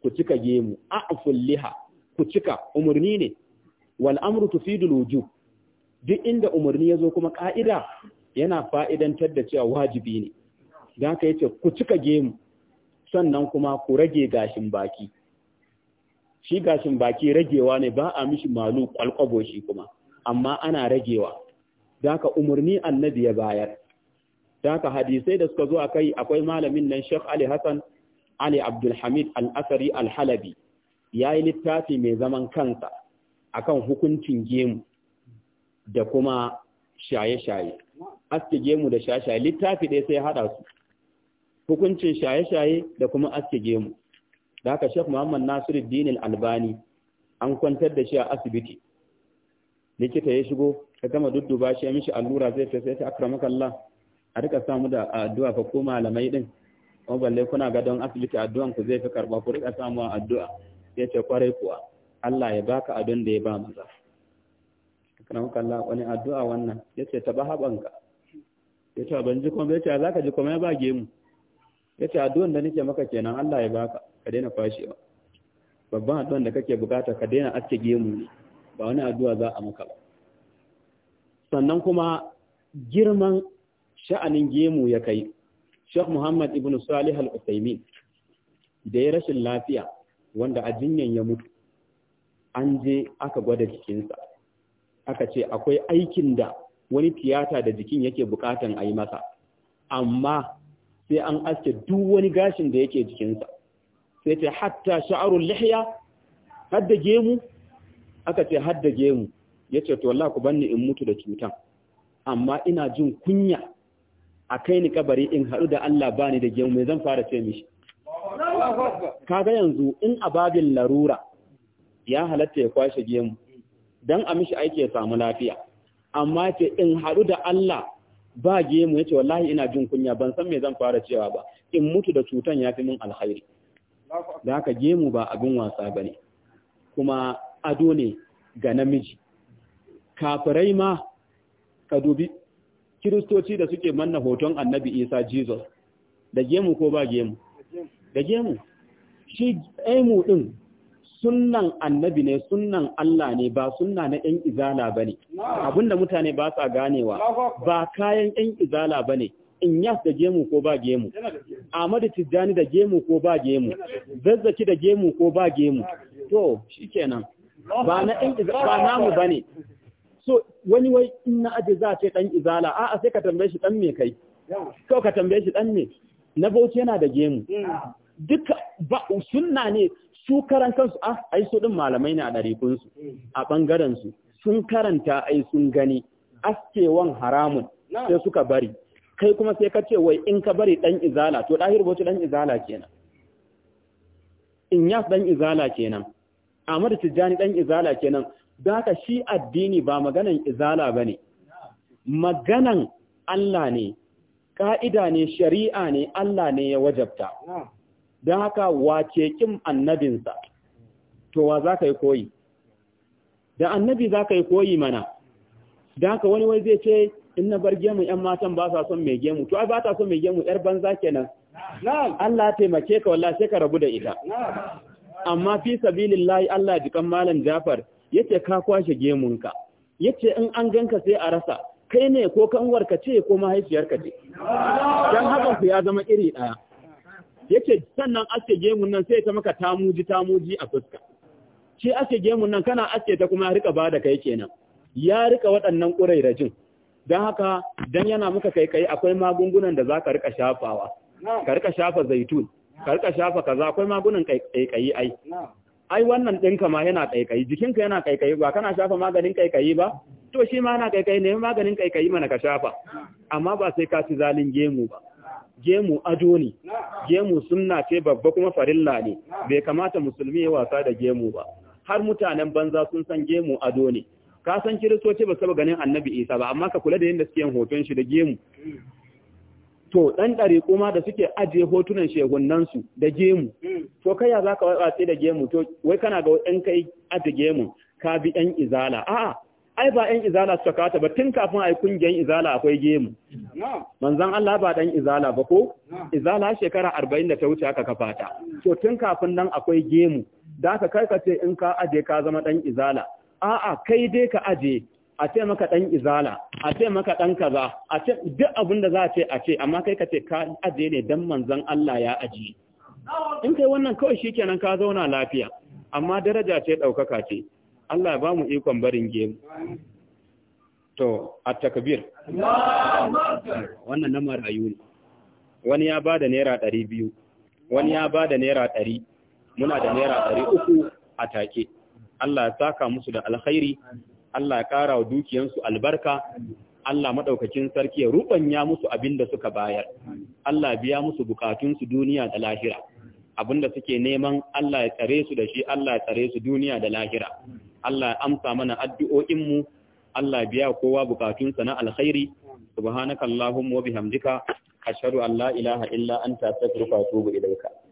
ku cika gemu a'ful liha ku cika umurni ne wal amru tufidul wujub duk inda umurni yazo kuma ka'ida yana fa'idantar da cewa wajibi ne dan ka yace ku cika gemu sannan kuma ku rage gashin baki shi gashin baki ragewa ne ba a mishi malu kwalkwabo shi kuma amma ana ragewa daka umarni annabi ya bayar daka hadisai da suka zo akai akwai malamin nan Sheikh Ali Hassan Ali Abdul Hamid Al-Asari Al-Halabi yayi littafi mai zaman kansa akan hukuncin gemu da kuma shaye-shaye aske gemu da shaye-shaye littafi ɗaya sai hada su hukuncin shaye-shaye da kuma aske gemu da haka Sheikh Muhammad Nasiruddin Al-Albani an kwantar da shi a asibiti likita ya shigo ka gama dudduba shi ya mishi allura zai fesa ya ce akramakallah a rika samu da addu'a fa ko malamai din kuma balle kuna ga don asibiti addu'an ku zai fi karba ku rika samu addu'a ya ce kwarai kuwa Allah ya baka adon da ya ba maza akramakallah wani addu'a wannan ya ce taba habanka ya ce ban ji kuma ya ce za ka ji kuma ya ba gemu ya ce addu'an da nake maka kenan Allah ya baka ka daina fashewa babban addu'an da kake bukata ka daina aske gemu ne ba wani addu'a za a maka ba sannan kuma girman sha'anin gemu ya kai Sheikh Muhammad ibn Salih al-Uthaymeen da ya rashin lafiya wanda a jinyan ya mutu an je aka gwada jikinsa aka ce akwai aikin da wani tiyata da jikin yake bukatan a yi masa amma sai an aske duk wani gashin da yake jikinsa sai ce hatta sha'arun lihya hadda gemu aka ce hadda gemu ce to wallahi ku banni in mutu da cutan amma ina jin kunya a kai ni kabari in haɗu da Allah bani da gemu me zan fara ce mishi kaga yanzu in ababin larura ya halatta ya kwashe gemu dan a mishi aiki ya samu lafiya amma ce in haɗu da Allah ba gemu ya ce wallahi ina jin kunya ban san me zan fara cewa ba in mutu da cutan ya fi min alkhairi da haka gemu ba abin wasa ba ne kuma ado ne ga namiji kafirai ma ka dubi kiristoci da suke manna hoton annabi isa jesus da gemu ko ba gemu da gemu shi aimu din sunnan annabi ne sunnan Allah ne ba sunna na ‘yan izala ba ne, abinda mutane ba sa ganewa ba kayan ‘yan izala ba ne, inyas da gemu ko ba gemu amadu tijjani da gemu ko ba gemu zazzaki da gemu ko ba gemu to shikenan oh. ba na ba namu bane so wani wai in na aje za ta dan izala a'a sai ka tambaye shi dan me kai ko ka tambaye shi dan me na bauchi yana da gemu mm. duka ba sunna ne su karan kansu a ah, ai su din malamai ne a ɗarikun su mm. a bangaren su sun karanta ai sun gani askewan haramun sai suka bari kai kuma sai ka ce wai in ka bari dan izala to dahir bauchi dan izala kenan in ya dan izala kenan da Tijjani dan izala kenan daka shi addini ba maganan izala bane maganan Allah ne ka'ida ne shari'a ne Allah ne ya wajabta don haka wace kin annabinsa to wa za ka yi koyi da annabi za ka yi koyi mana daka haka wani wai zai ce in na bar gemu ƴan matan ba sa son mai gemu to ai ba ta son mai gemu ƴar banza kenan na'am Allah taimake ka wallahi sai ka rabu da ita amma fi sabilillahi Allah jikan malam Jafar yace ka kwashe gemunka yace in an ganka sai a rasa kai ne ko ka ce ko mahaifiyar ka ce dan haka ku ya zama iri daya yace sannan ake gemun nan sai ta maka tamuji tamuji a fuska ce aske gemun nan kana aske ta kuma rika bada kai kenan ya rika waɗannan ƙurairajin don haka dan yana muka kai kai akwai magungunan da za ka rika shafawa ka rika shafa zaitun ka rika shafa kaza akwai kai kaikayi ai ai wannan ɗinka ma yana kaikayi jikinka yana kaikayi ba kana shafa maganin kaikayi ba to shi ma yana kaikayi ne maganin kaikayi mana ka shafa amma ba sai ka ci zalin gemu ba gemu ado ne gemu sunna ce babba kuma farilla ne bai kamata musulmi ya wasa da gemu ba har mutanen banza sun san gemu ado ne ka san kiristoci ba saba ganin annabi isa ba amma ka kula da yadda suke yin hoton shi da gemu to dan dare kuma da suke ajiye hotunan shegunan su da gemu to kai ya zaka watsa da gemu to wai kana ga in kai aje gemu ka bi yan izala a'a ai ba ‘yan izala suka kata ba tun kafin a yi kungiyar izala akwai gemu. manzon Allah ba dan izala ba ko? Izala shekara arba'in da ta wuce aka kafa ta. To tun kafin nan akwai gemu, da aka karkace in ka aje ka zama ɗan izala. a'a kai dai ka aje a ce maka dan izala a ce maka dan kaza a ce duk abin da za a ce a ce amma kai ka ce ka aje ne dan manzon Allah ya aje in kai wannan kawai shikenan ka zauna lafiya amma daraja ce daukaka ce Allah ya ba mu ikon barin gemu to at takbir wannan na marayu ne wani ya bada naira 200 wani ya bada naira 100 muna da naira 300 a take Allah ya saka musu da alkhairi Allah ya ƙara wa dukiyansu albarka Allah maɗaukakin sarki ya ruɓanya musu abin da suka bayar Allah biya musu bukatunsu duniya da lahira da suke neman Allah ya tsare su da shi Allah ya tsare su duniya da lahira Allah ya amsa mana addu'o'inmu Allah ya biya kowa bukatunsa na alkhairi subhanakallahumma wa bihamdika ashhadu an la ilaha illa anta astaghfiruka wa atubu ilaika